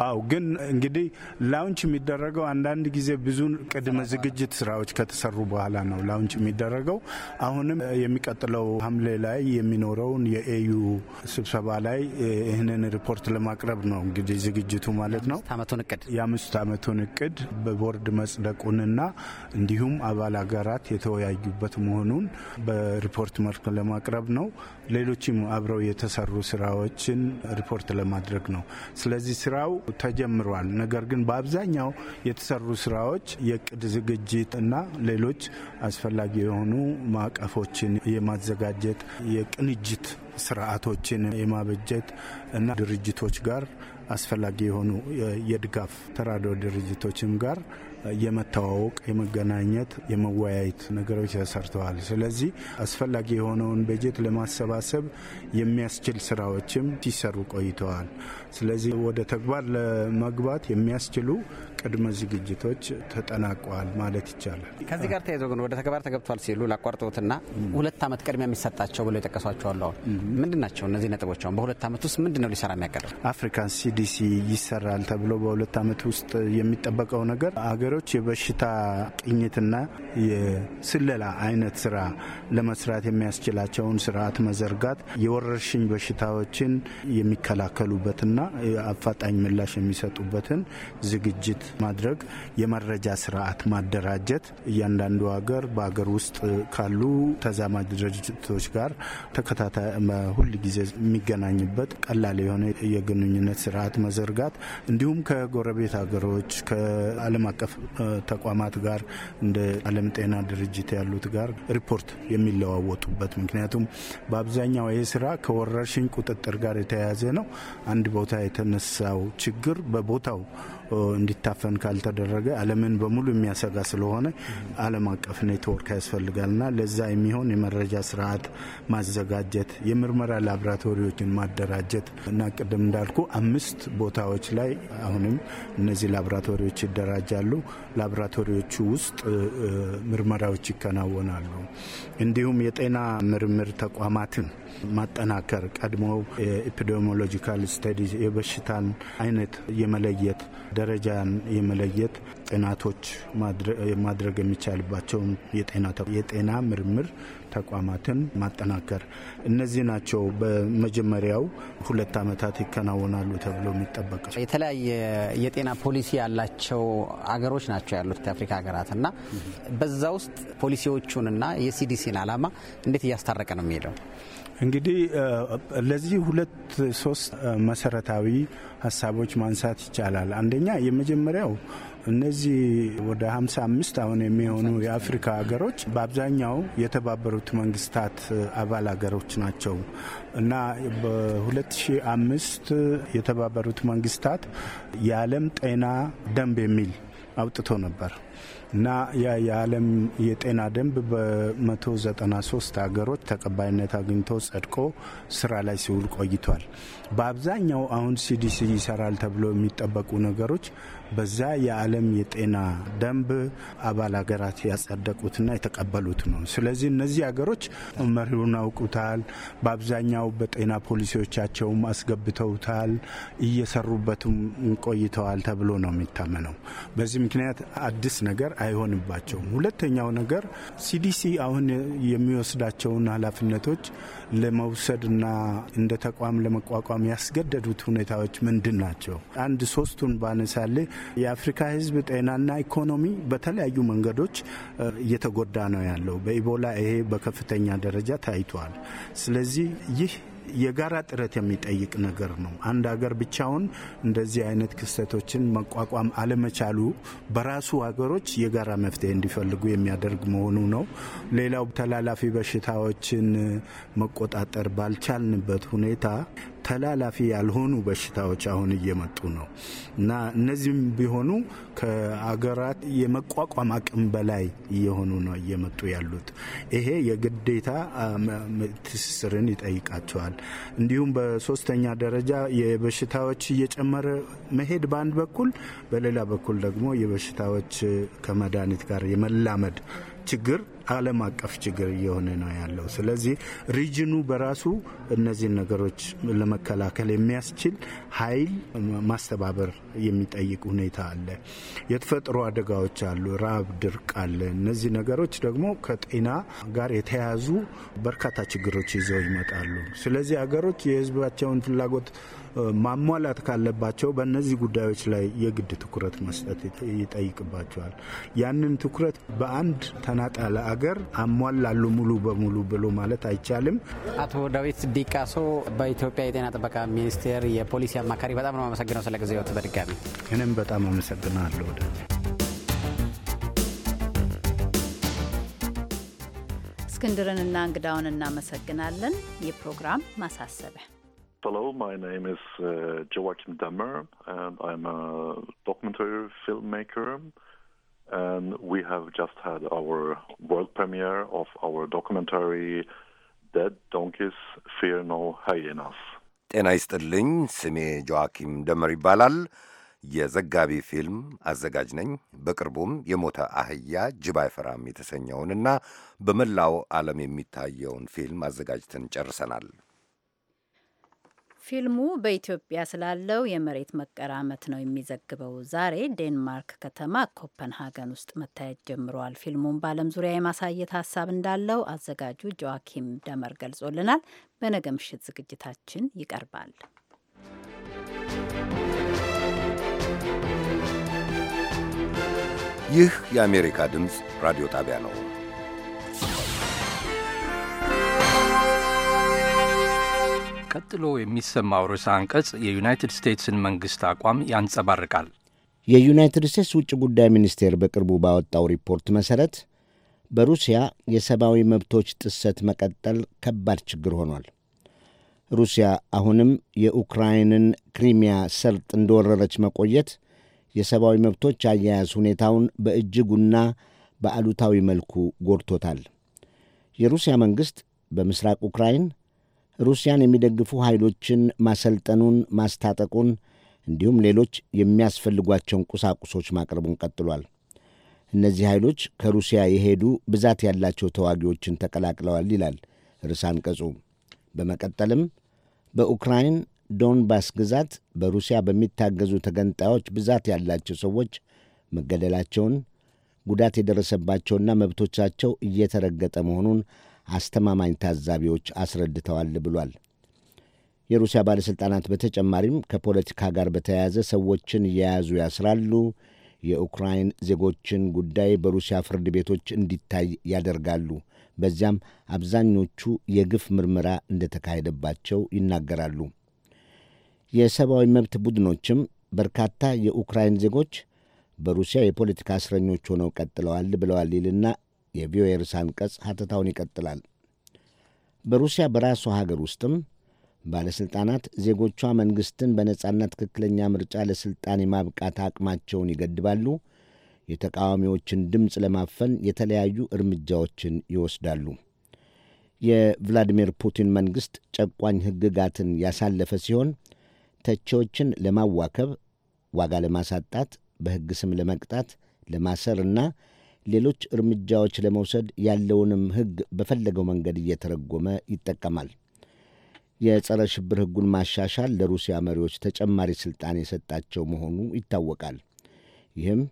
አው ግን እንግዲህ ላውንች የሚደረገው አንዳንድ ጊዜ ብዙ ቅድመ ዝግጅት ስራዎች ከተሰሩ በኋላ ነው ላውንች የሚደረገው። አሁንም የሚቀጥለው ሐምሌ ላይ የሚኖረውን የኤዩ ስብሰባ ላይ ይህንን ሪፖርት ለማቅረብ ነው እንግዲህ ዝግጅቱ ማለት ነው። አመቱን እቅድ የአምስት አመቱን እቅድ በቦርድ መጽደቁንና እንዲሁም አባል ሀገራት የተወያዩበት መሆኑን በሪፖርት መልክ ለማቅረብ ነው። ሌሎችም አብረው የተሰሩ ስራዎችን ሪፖርት ለማድረግ ነው። ስለዚህ ስራው ተጀምሯል። ነገር ግን በአብዛኛው የተሰሩ ስራዎች የቅድ ዝግጅት እና ሌሎች አስፈላጊ የሆኑ ማዕቀፎችን የማዘጋጀት የቅንጅት ስርዓቶችን የማበጀት እና ድርጅቶች ጋር አስፈላጊ የሆኑ የድጋፍ ተራድኦ ድርጅቶችም ጋር የመተዋወቅ፣ የመገናኘት፣ የመወያየት ነገሮች ተሰርተዋል። ስለዚህ አስፈላጊ የሆነውን በጀት ለማሰባሰብ የሚያስችል ስራዎችም ሲሰሩ ቆይተዋል። ስለዚህ ወደ ተግባር ለመግባት የሚያስችሉ ቅድመ ዝግጅቶች ተጠናቀዋል ማለት ይቻላል። ከዚህ ጋር ተያይዞ ግን ወደ ተግባር ተገብቷል ሲሉ ላቋርጦትና ሁለት ዓመት ቅድሚያ የሚሰጣቸው ብለው የጠቀሷቸዋል። አሁን ምንድን ናቸው እነዚህ ነጥቦች? አሁን በሁለት ዓመት ውስጥ ምንድን ነው ሊሰራ የሚያቀደው? አፍሪካን ሲዲሲ ይሰራል ተብሎ በሁለት ዓመት ውስጥ የሚጠበቀው ነገር አገር ነገሮች የበሽታ ቅኝትና የስለላ አይነት ስራ ለመስራት የሚያስችላቸውን ስርዓት መዘርጋት የወረርሽኝ በሽታዎችን የሚከላከሉበትና አፋጣኝ ምላሽ የሚሰጡበትን ዝግጅት ማድረግ፣ የመረጃ ስርዓት ማደራጀት እያንዳንዱ ሀገር በሀገር ውስጥ ካሉ ተዛማጅ ድርጅቶች ጋር ተከታታይ ሁል ጊዜ የሚገናኝበት ቀላል የሆነ የግንኙነት ስርዓት መዘርጋት እንዲሁም ከጎረቤት ሀገሮች ከዓለም አቀፍ ተቋማት ጋር እንደ ዓለም ጤና ድርጅት ያሉት ጋር ሪፖርት የሚለዋወጡበት ምክንያቱም በአብዛኛው ይህ ስራ ከወረርሽኝ ቁጥጥር ጋር የተያያዘ ነው። አንድ ቦታ የተነሳው ችግር በቦታው እንዲታፈን ካልተደረገ ዓለምን በሙሉ የሚያሰጋ ስለሆነ ዓለም አቀፍ ኔትወርክ ያስፈልጋልና ለዛ የሚሆን የመረጃ ስርዓት ማዘጋጀት፣ የምርመራ ላብራቶሪዎችን ማደራጀት እና ቅድም እንዳልኩ አምስት ቦታዎች ላይ አሁንም እነዚህ ላብራቶሪዎች ይደራጃሉ። ላብራቶሪዎቹ ውስጥ ምርመራዎች ይከናወናሉ። እንዲሁም የጤና ምርምር ተቋማትን ማጠናከር ቀድሞ የኤፒዲሚዮሎጂካል ስተዲ የበሽታን አይነት የመለየት ደረጃን የመለየት ጥናቶች ማድረግ የሚቻልባቸውን የጤና ምርምር ተቋማትን ማጠናከር እነዚህ ናቸው በመጀመሪያው ሁለት ዓመታት ይከናወናሉ ተብሎ የሚጠበቅ የተለያየ የጤና ፖሊሲ ያላቸው አገሮች ናቸው ያሉት የአፍሪካ ሀገራት እና በዛ ውስጥ ፖሊሲዎቹንና የሲዲሲን ዓላማ እንዴት እያስታረቀ ነው የሚሄደው? እንግዲህ ለዚህ ሁለት ሶስት መሰረታዊ ሀሳቦች ማንሳት ይቻላል። አንደኛ የመጀመሪያው እነዚህ ወደ 55 አሁን የሚሆኑ የአፍሪካ ሀገሮች በአብዛኛው የተባበሩት መንግስታት አባል ሀገሮች ናቸው እና በ2005 የተባበሩት መንግስታት የዓለም ጤና ደንብ የሚል አውጥቶ ነበር እና ያ የዓለም የጤና ደንብ በ193 ሀገሮች ተቀባይነት አግኝቶ ጸድቆ ስራ ላይ ሲውል ቆይቷል። በአብዛኛው አሁን ሲዲሲ ይሰራል ተብሎ የሚጠበቁ ነገሮች በዛ የዓለም የጤና ደንብ አባል ሀገራት ያጸደቁትና የተቀበሉት ነው። ስለዚህ እነዚህ ሀገሮች መሪውን አውቁታል። በአብዛኛው በጤና ፖሊሲዎቻቸውም አስገብተውታል። እየሰሩበትም ቆይተዋል ተብሎ ነው የሚታመነው። በዚህ ምክንያት አዲስ ነገር አይሆንባቸውም። ሁለተኛው ነገር ሲዲሲ አሁን የሚወስዳቸውን ኃላፊነቶች ለመውሰድና እንደ ተቋም ለመቋቋም ያስገደዱት ሁኔታዎች ምንድን ናቸው? አንድ ሶስቱን ባነሳሌ የአፍሪካ ህዝብ ጤናና ኢኮኖሚ በተለያዩ መንገዶች እየተጎዳ ነው ያለው። በኢቦላ ይሄ በከፍተኛ ደረጃ ታይቷል። ስለዚህ ይህ የጋራ ጥረት የሚጠይቅ ነገር ነው። አንድ ሀገር ብቻውን እንደዚህ አይነት ክስተቶችን መቋቋም አለመቻሉ በራሱ ሀገሮች የጋራ መፍትሄ እንዲፈልጉ የሚያደርግ መሆኑ ነው። ሌላው ተላላፊ በሽታዎችን መቆጣጠር ባልቻልንበት ሁኔታ ተላላፊ ያልሆኑ በሽታዎች አሁን እየመጡ ነው እና እነዚህም ቢሆኑ ከአገራት የመቋቋም አቅም በላይ እየሆኑ ነው እየመጡ ያሉት። ይሄ የግዴታ ትስስርን ይጠይቃቸዋል። እንዲሁም በሶስተኛ ደረጃ የበሽታዎች እየጨመረ መሄድ በአንድ በኩል፣ በሌላ በኩል ደግሞ የበሽታዎች ከመድኃኒት ጋር የመላመድ ችግር ዓለም አቀፍ ችግር እየሆነ ነው ያለው። ስለዚህ ሪጅኑ በራሱ እነዚህን ነገሮች ለመከላከል የሚያስችል ኃይል ማስተባበር የሚጠይቅ ሁኔታ አለ። የተፈጥሮ አደጋዎች አሉ፣ ራብ፣ ድርቅ አለ። እነዚህ ነገሮች ደግሞ ከጤና ጋር የተያያዙ በርካታ ችግሮች ይዘው ይመጣሉ። ስለዚህ አገሮች የህዝባቸውን ፍላጎት ማሟላት ካለባቸው በእነዚህ ጉዳዮች ላይ የግድ ትኩረት መስጠት ይጠይቅባቸዋል። ያንን ትኩረት በአንድ ተናጣለ አገር አሟላሉ ሙሉ በሙሉ ብሎ ማለት አይቻልም። አቶ ዳዊት ዲቃሶ በኢትዮጵያ የጤና ጥበቃ ሚኒስቴር የፖሊሲ አማካሪ፣ በጣም ነው አመሰግነው ስለ ጊዜዎት በድጋሚ እኔም በጣም አመሰግናለሁ እስክንድርንና እንግዳውን እናመሰግናለን። የፕሮግራም ማሳሰቢያ Hello, my name is uh, Joachim Demmer, and I'm a documentary filmmaker. And we have just had our world premiere of our documentary Dead Donkeys Fear No Hyenas. ጤና ይስጥልኝ። ስሜ ጆአኪም ደመር ይባላል። የዘጋቢ ፊልም አዘጋጅ ነኝ። በቅርቡም የሞተ አህያ ጅብ አይፈራም የተሰኘውንና በመላው ዓለም የሚታየውን ፊልም አዘጋጅተን ጨርሰናል። ፊልሙ በኢትዮጵያ ስላለው የመሬት መቀራመት ነው የሚዘግበው። ዛሬ ዴንማርክ ከተማ ኮፐንሃገን ውስጥ መታየት ጀምረዋል። ፊልሙን በዓለም ዙሪያ የማሳየት ሀሳብ እንዳለው አዘጋጁ ጆዋኪም ደመር ገልጾልናል። በነገ ምሽት ዝግጅታችን ይቀርባል። ይህ የአሜሪካ ድምፅ ራዲዮ ጣቢያ ነው። ቀጥሎ የሚሰማው ርዕሰ አንቀጽ የዩናይትድ ስቴትስን መንግሥት አቋም ያንጸባርቃል። የዩናይትድ ስቴትስ ውጭ ጉዳይ ሚኒስቴር በቅርቡ ባወጣው ሪፖርት መሠረት በሩሲያ የሰብአዊ መብቶች ጥሰት መቀጠል ከባድ ችግር ሆኗል። ሩሲያ አሁንም የኡክራይንን ክሪሚያ ሰርጥ እንደወረረች መቆየት የሰብአዊ መብቶች አያያዝ ሁኔታውን በእጅጉና በአሉታዊ መልኩ ጎድቶታል። የሩሲያ መንግሥት በምሥራቅ ኡክራይን ሩሲያን የሚደግፉ ኃይሎችን ማሰልጠኑን፣ ማስታጠቁን እንዲሁም ሌሎች የሚያስፈልጓቸውን ቁሳቁሶች ማቅረቡን ቀጥሏል። እነዚህ ኃይሎች ከሩሲያ የሄዱ ብዛት ያላቸው ተዋጊዎችን ተቀላቅለዋል ይላል ርዕሰ አንቀጹ። በመቀጠልም በኡክራይን ዶንባስ ግዛት በሩሲያ በሚታገዙ ተገንጣዮች ብዛት ያላቸው ሰዎች መገደላቸውን፣ ጉዳት የደረሰባቸውና መብቶቻቸው እየተረገጠ መሆኑን አስተማማኝ ታዛቢዎች አስረድተዋል ብሏል። የሩሲያ ባለሥልጣናት በተጨማሪም ከፖለቲካ ጋር በተያያዘ ሰዎችን እየያዙ ያስራሉ፣ የኡክራይን ዜጎችን ጉዳይ በሩሲያ ፍርድ ቤቶች እንዲታይ ያደርጋሉ። በዚያም አብዛኞቹ የግፍ ምርመራ እንደተካሄደባቸው ይናገራሉ። የሰብአዊ መብት ቡድኖችም በርካታ የኡክራይን ዜጎች በሩሲያ የፖለቲካ እስረኞች ሆነው ቀጥለዋል ብለዋል ይልና የቪኦኤ ርዕሰ አንቀጽ ሐተታውን ይቀጥላል። በሩሲያ በራሷ ሀገር ውስጥም ባለሥልጣናት ዜጎቿ መንግሥትን በነጻና ትክክለኛ ምርጫ ለሥልጣን የማብቃት አቅማቸውን ይገድባሉ፣ የተቃዋሚዎችን ድምፅ ለማፈን የተለያዩ እርምጃዎችን ይወስዳሉ። የቭላዲሚር ፑቲን መንግሥት ጨቋኝ ሕግጋትን ያሳለፈ ሲሆን ተቺዎችን ለማዋከብ፣ ዋጋ ለማሳጣት፣ በሕግ ስም ለመቅጣት፣ ለማሰርና ሌሎች እርምጃዎች ለመውሰድ ያለውንም ሕግ በፈለገው መንገድ እየተረጎመ ይጠቀማል። የጸረ ሽብር ሕጉን ማሻሻል ለሩሲያ መሪዎች ተጨማሪ ሥልጣን የሰጣቸው መሆኑ ይታወቃል። ይህም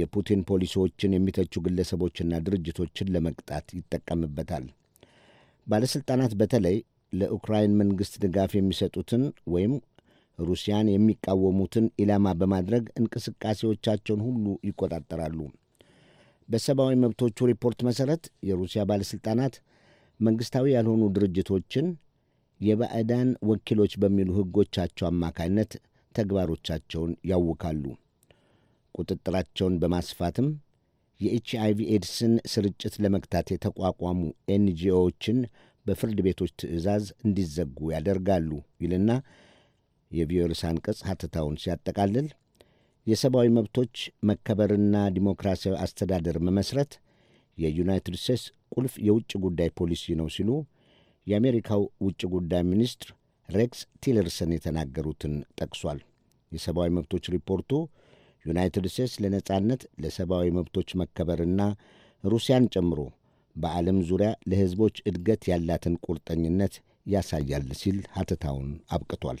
የፑቲን ፖሊሲዎችን የሚተቹ ግለሰቦችና ድርጅቶችን ለመቅጣት ይጠቀምበታል። ባለሥልጣናት በተለይ ለኡክራይን መንግሥት ድጋፍ የሚሰጡትን ወይም ሩሲያን የሚቃወሙትን ኢላማ በማድረግ እንቅስቃሴዎቻቸውን ሁሉ ይቆጣጠራሉ። በሰብአዊ መብቶቹ ሪፖርት መሠረት የሩሲያ ባለሥልጣናት መንግሥታዊ ያልሆኑ ድርጅቶችን የባዕዳን ወኪሎች በሚሉ ሕጎቻቸው አማካይነት ተግባሮቻቸውን ያውካሉ። ቁጥጥራቸውን በማስፋትም የኤች አይቪ ኤድስን ስርጭት ለመግታት የተቋቋሙ ኤንጂኦዎችን በፍርድ ቤቶች ትዕዛዝ እንዲዘጉ ያደርጋሉ ይልና የቪዮርስ አንቀጽ ሐተታውን ሲያጠቃልል የሰብአዊ መብቶች መከበርና ዲሞክራሲያዊ አስተዳደር መመስረት የዩናይትድ ስቴትስ ቁልፍ የውጭ ጉዳይ ፖሊሲ ነው ሲሉ የአሜሪካው ውጭ ጉዳይ ሚኒስትር ሬክስ ቲለርሰን የተናገሩትን ጠቅሷል። የሰብአዊ መብቶች ሪፖርቱ ዩናይትድ ስቴትስ ለነጻነት ለሰብአዊ መብቶች መከበርና ሩሲያን ጨምሮ በዓለም ዙሪያ ለሕዝቦች እድገት ያላትን ቁርጠኝነት ያሳያል ሲል ሀተታውን አብቅቷል።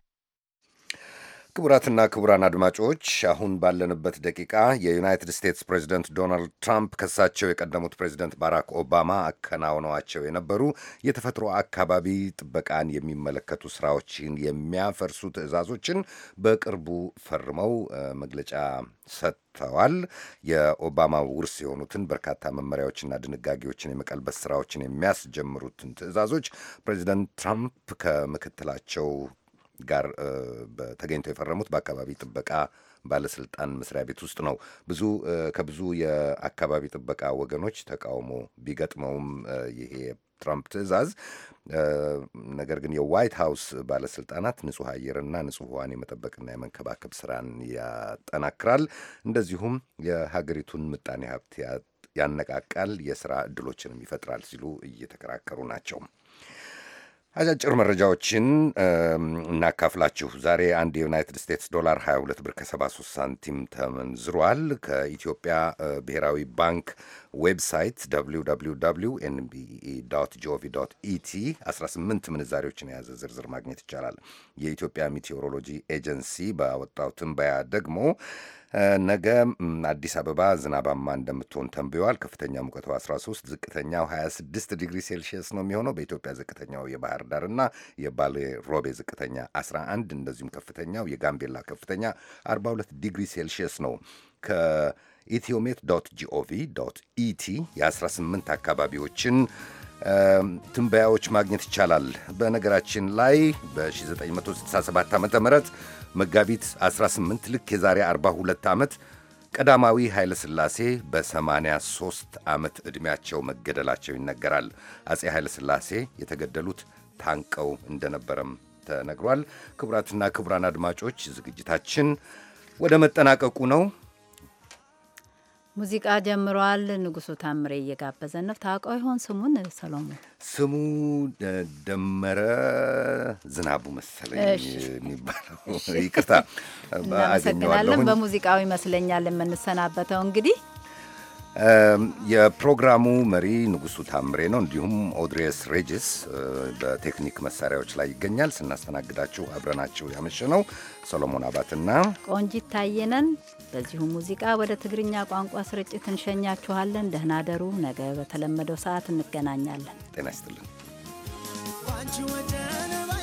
ክቡራትና ክቡራን አድማጮች አሁን ባለንበት ደቂቃ የዩናይትድ ስቴትስ ፕሬዚደንት ዶናልድ ትራምፕ ከሳቸው የቀደሙት ፕሬዚደንት ባራክ ኦባማ አከናውነዋቸው የነበሩ የተፈጥሮ አካባቢ ጥበቃን የሚመለከቱ ስራዎችን የሚያፈርሱ ትዕዛዞችን በቅርቡ ፈርመው መግለጫ ሰጥተዋል። የኦባማ ውርስ የሆኑትን በርካታ መመሪያዎችና ድንጋጌዎችን የመቀልበስ ስራዎችን የሚያስጀምሩትን ትዕዛዞች ፕሬዚደንት ትራምፕ ከምክትላቸው ጋር ተገኝተው የፈረሙት በአካባቢ ጥበቃ ባለስልጣን መስሪያ ቤት ውስጥ ነው። ብዙ ከብዙ የአካባቢ ጥበቃ ወገኖች ተቃውሞ ቢገጥመውም ይሄ ትራምፕ ትዕዛዝ ነገር ግን የዋይት ሀውስ ባለስልጣናት ንጹህ አየርና ንጹህ ውሃን የመጠበቅና የመንከባከብ ስራን ያጠናክራል፣ እንደዚሁም የሀገሪቱን ምጣኔ ሀብት ያነቃቃል፣ የስራ እድሎችንም ይፈጥራል ሲሉ እየተከራከሩ ናቸው። አጫጭር መረጃዎችን እናካፍላችሁ። ዛሬ አንድ የዩናይትድ ስቴትስ ዶላር 22 ብር ከ73 ሳንቲም ተመንዝሯል። ከኢትዮጵያ ብሔራዊ ባንክ ዌብሳይት ኤንቢኢ ጂኦቪ ኢቲ 18 ምንዛሬዎችን የያዘ ዝርዝር ማግኘት ይቻላል። የኢትዮጵያ ሚቴዎሮሎጂ ኤጀንሲ ባወጣው ትንበያ ደግሞ ነገ አዲስ አበባ ዝናባማ እንደምትሆን ተንብዮዋል። ከፍተኛ ሙቀቱ 13፣ ዝቅተኛው 26 ዲግሪ ሴልሽስ ነው የሚሆነው። በኢትዮጵያ ዝቅተኛው የባህር ዳርና የባሌ ሮቤ ዝቅተኛ 11፣ እንደዚሁም ከፍተኛው የጋምቤላ ከፍተኛ 42 ዲግሪ ሴልሺየስ ነው። ከኢትዮሜት ዶት ጂኦቪ ዶት ኢቲ የ18 አካባቢዎችን ትንበያዎች ማግኘት ይቻላል። በነገራችን ላይ በ1967 ዓ ም መጋቢት 18 ልክ የዛሬ 42 ዓመት ቀዳማዊ ኃይለ ሥላሴ በ83 ዓመት ዕድሜያቸው መገደላቸው ይነገራል። አፄ ኃይለ ሥላሴ የተገደሉት ታንቀው እንደነበረም ተነግሯል። ክቡራትና ክቡራን አድማጮች ዝግጅታችን ወደ መጠናቀቁ ነው። ሙዚቃ ጀምሯል። ንጉሱ ታምሬ እየጋበዘ ነው። ታውቀው ይሆን ስሙን? ሰሎሞን ስሙ ደመረ ዝናቡ መሰለኝ የሚባለው። ይቅርታ እናመሰግናለን። በሙዚቃው ይመስለኛል የምንሰናበተው እንግዲህ የፕሮግራሙ መሪ ንጉሱ ታምሬ ነው። እንዲሁም ኦድሬስ ሬጅስ በቴክኒክ መሳሪያዎች ላይ ይገኛል። ስናስተናግዳችሁ አብረናችሁ ያመሸ ነው ሰሎሞን አባትና ቆንጂት ታየነን። በዚሁ ሙዚቃ ወደ ትግርኛ ቋንቋ ስርጭት እንሸኛችኋለን። ደህና ደሩ። ነገ በተለመደው ሰዓት እንገናኛለን። ጤና ይስጥልን።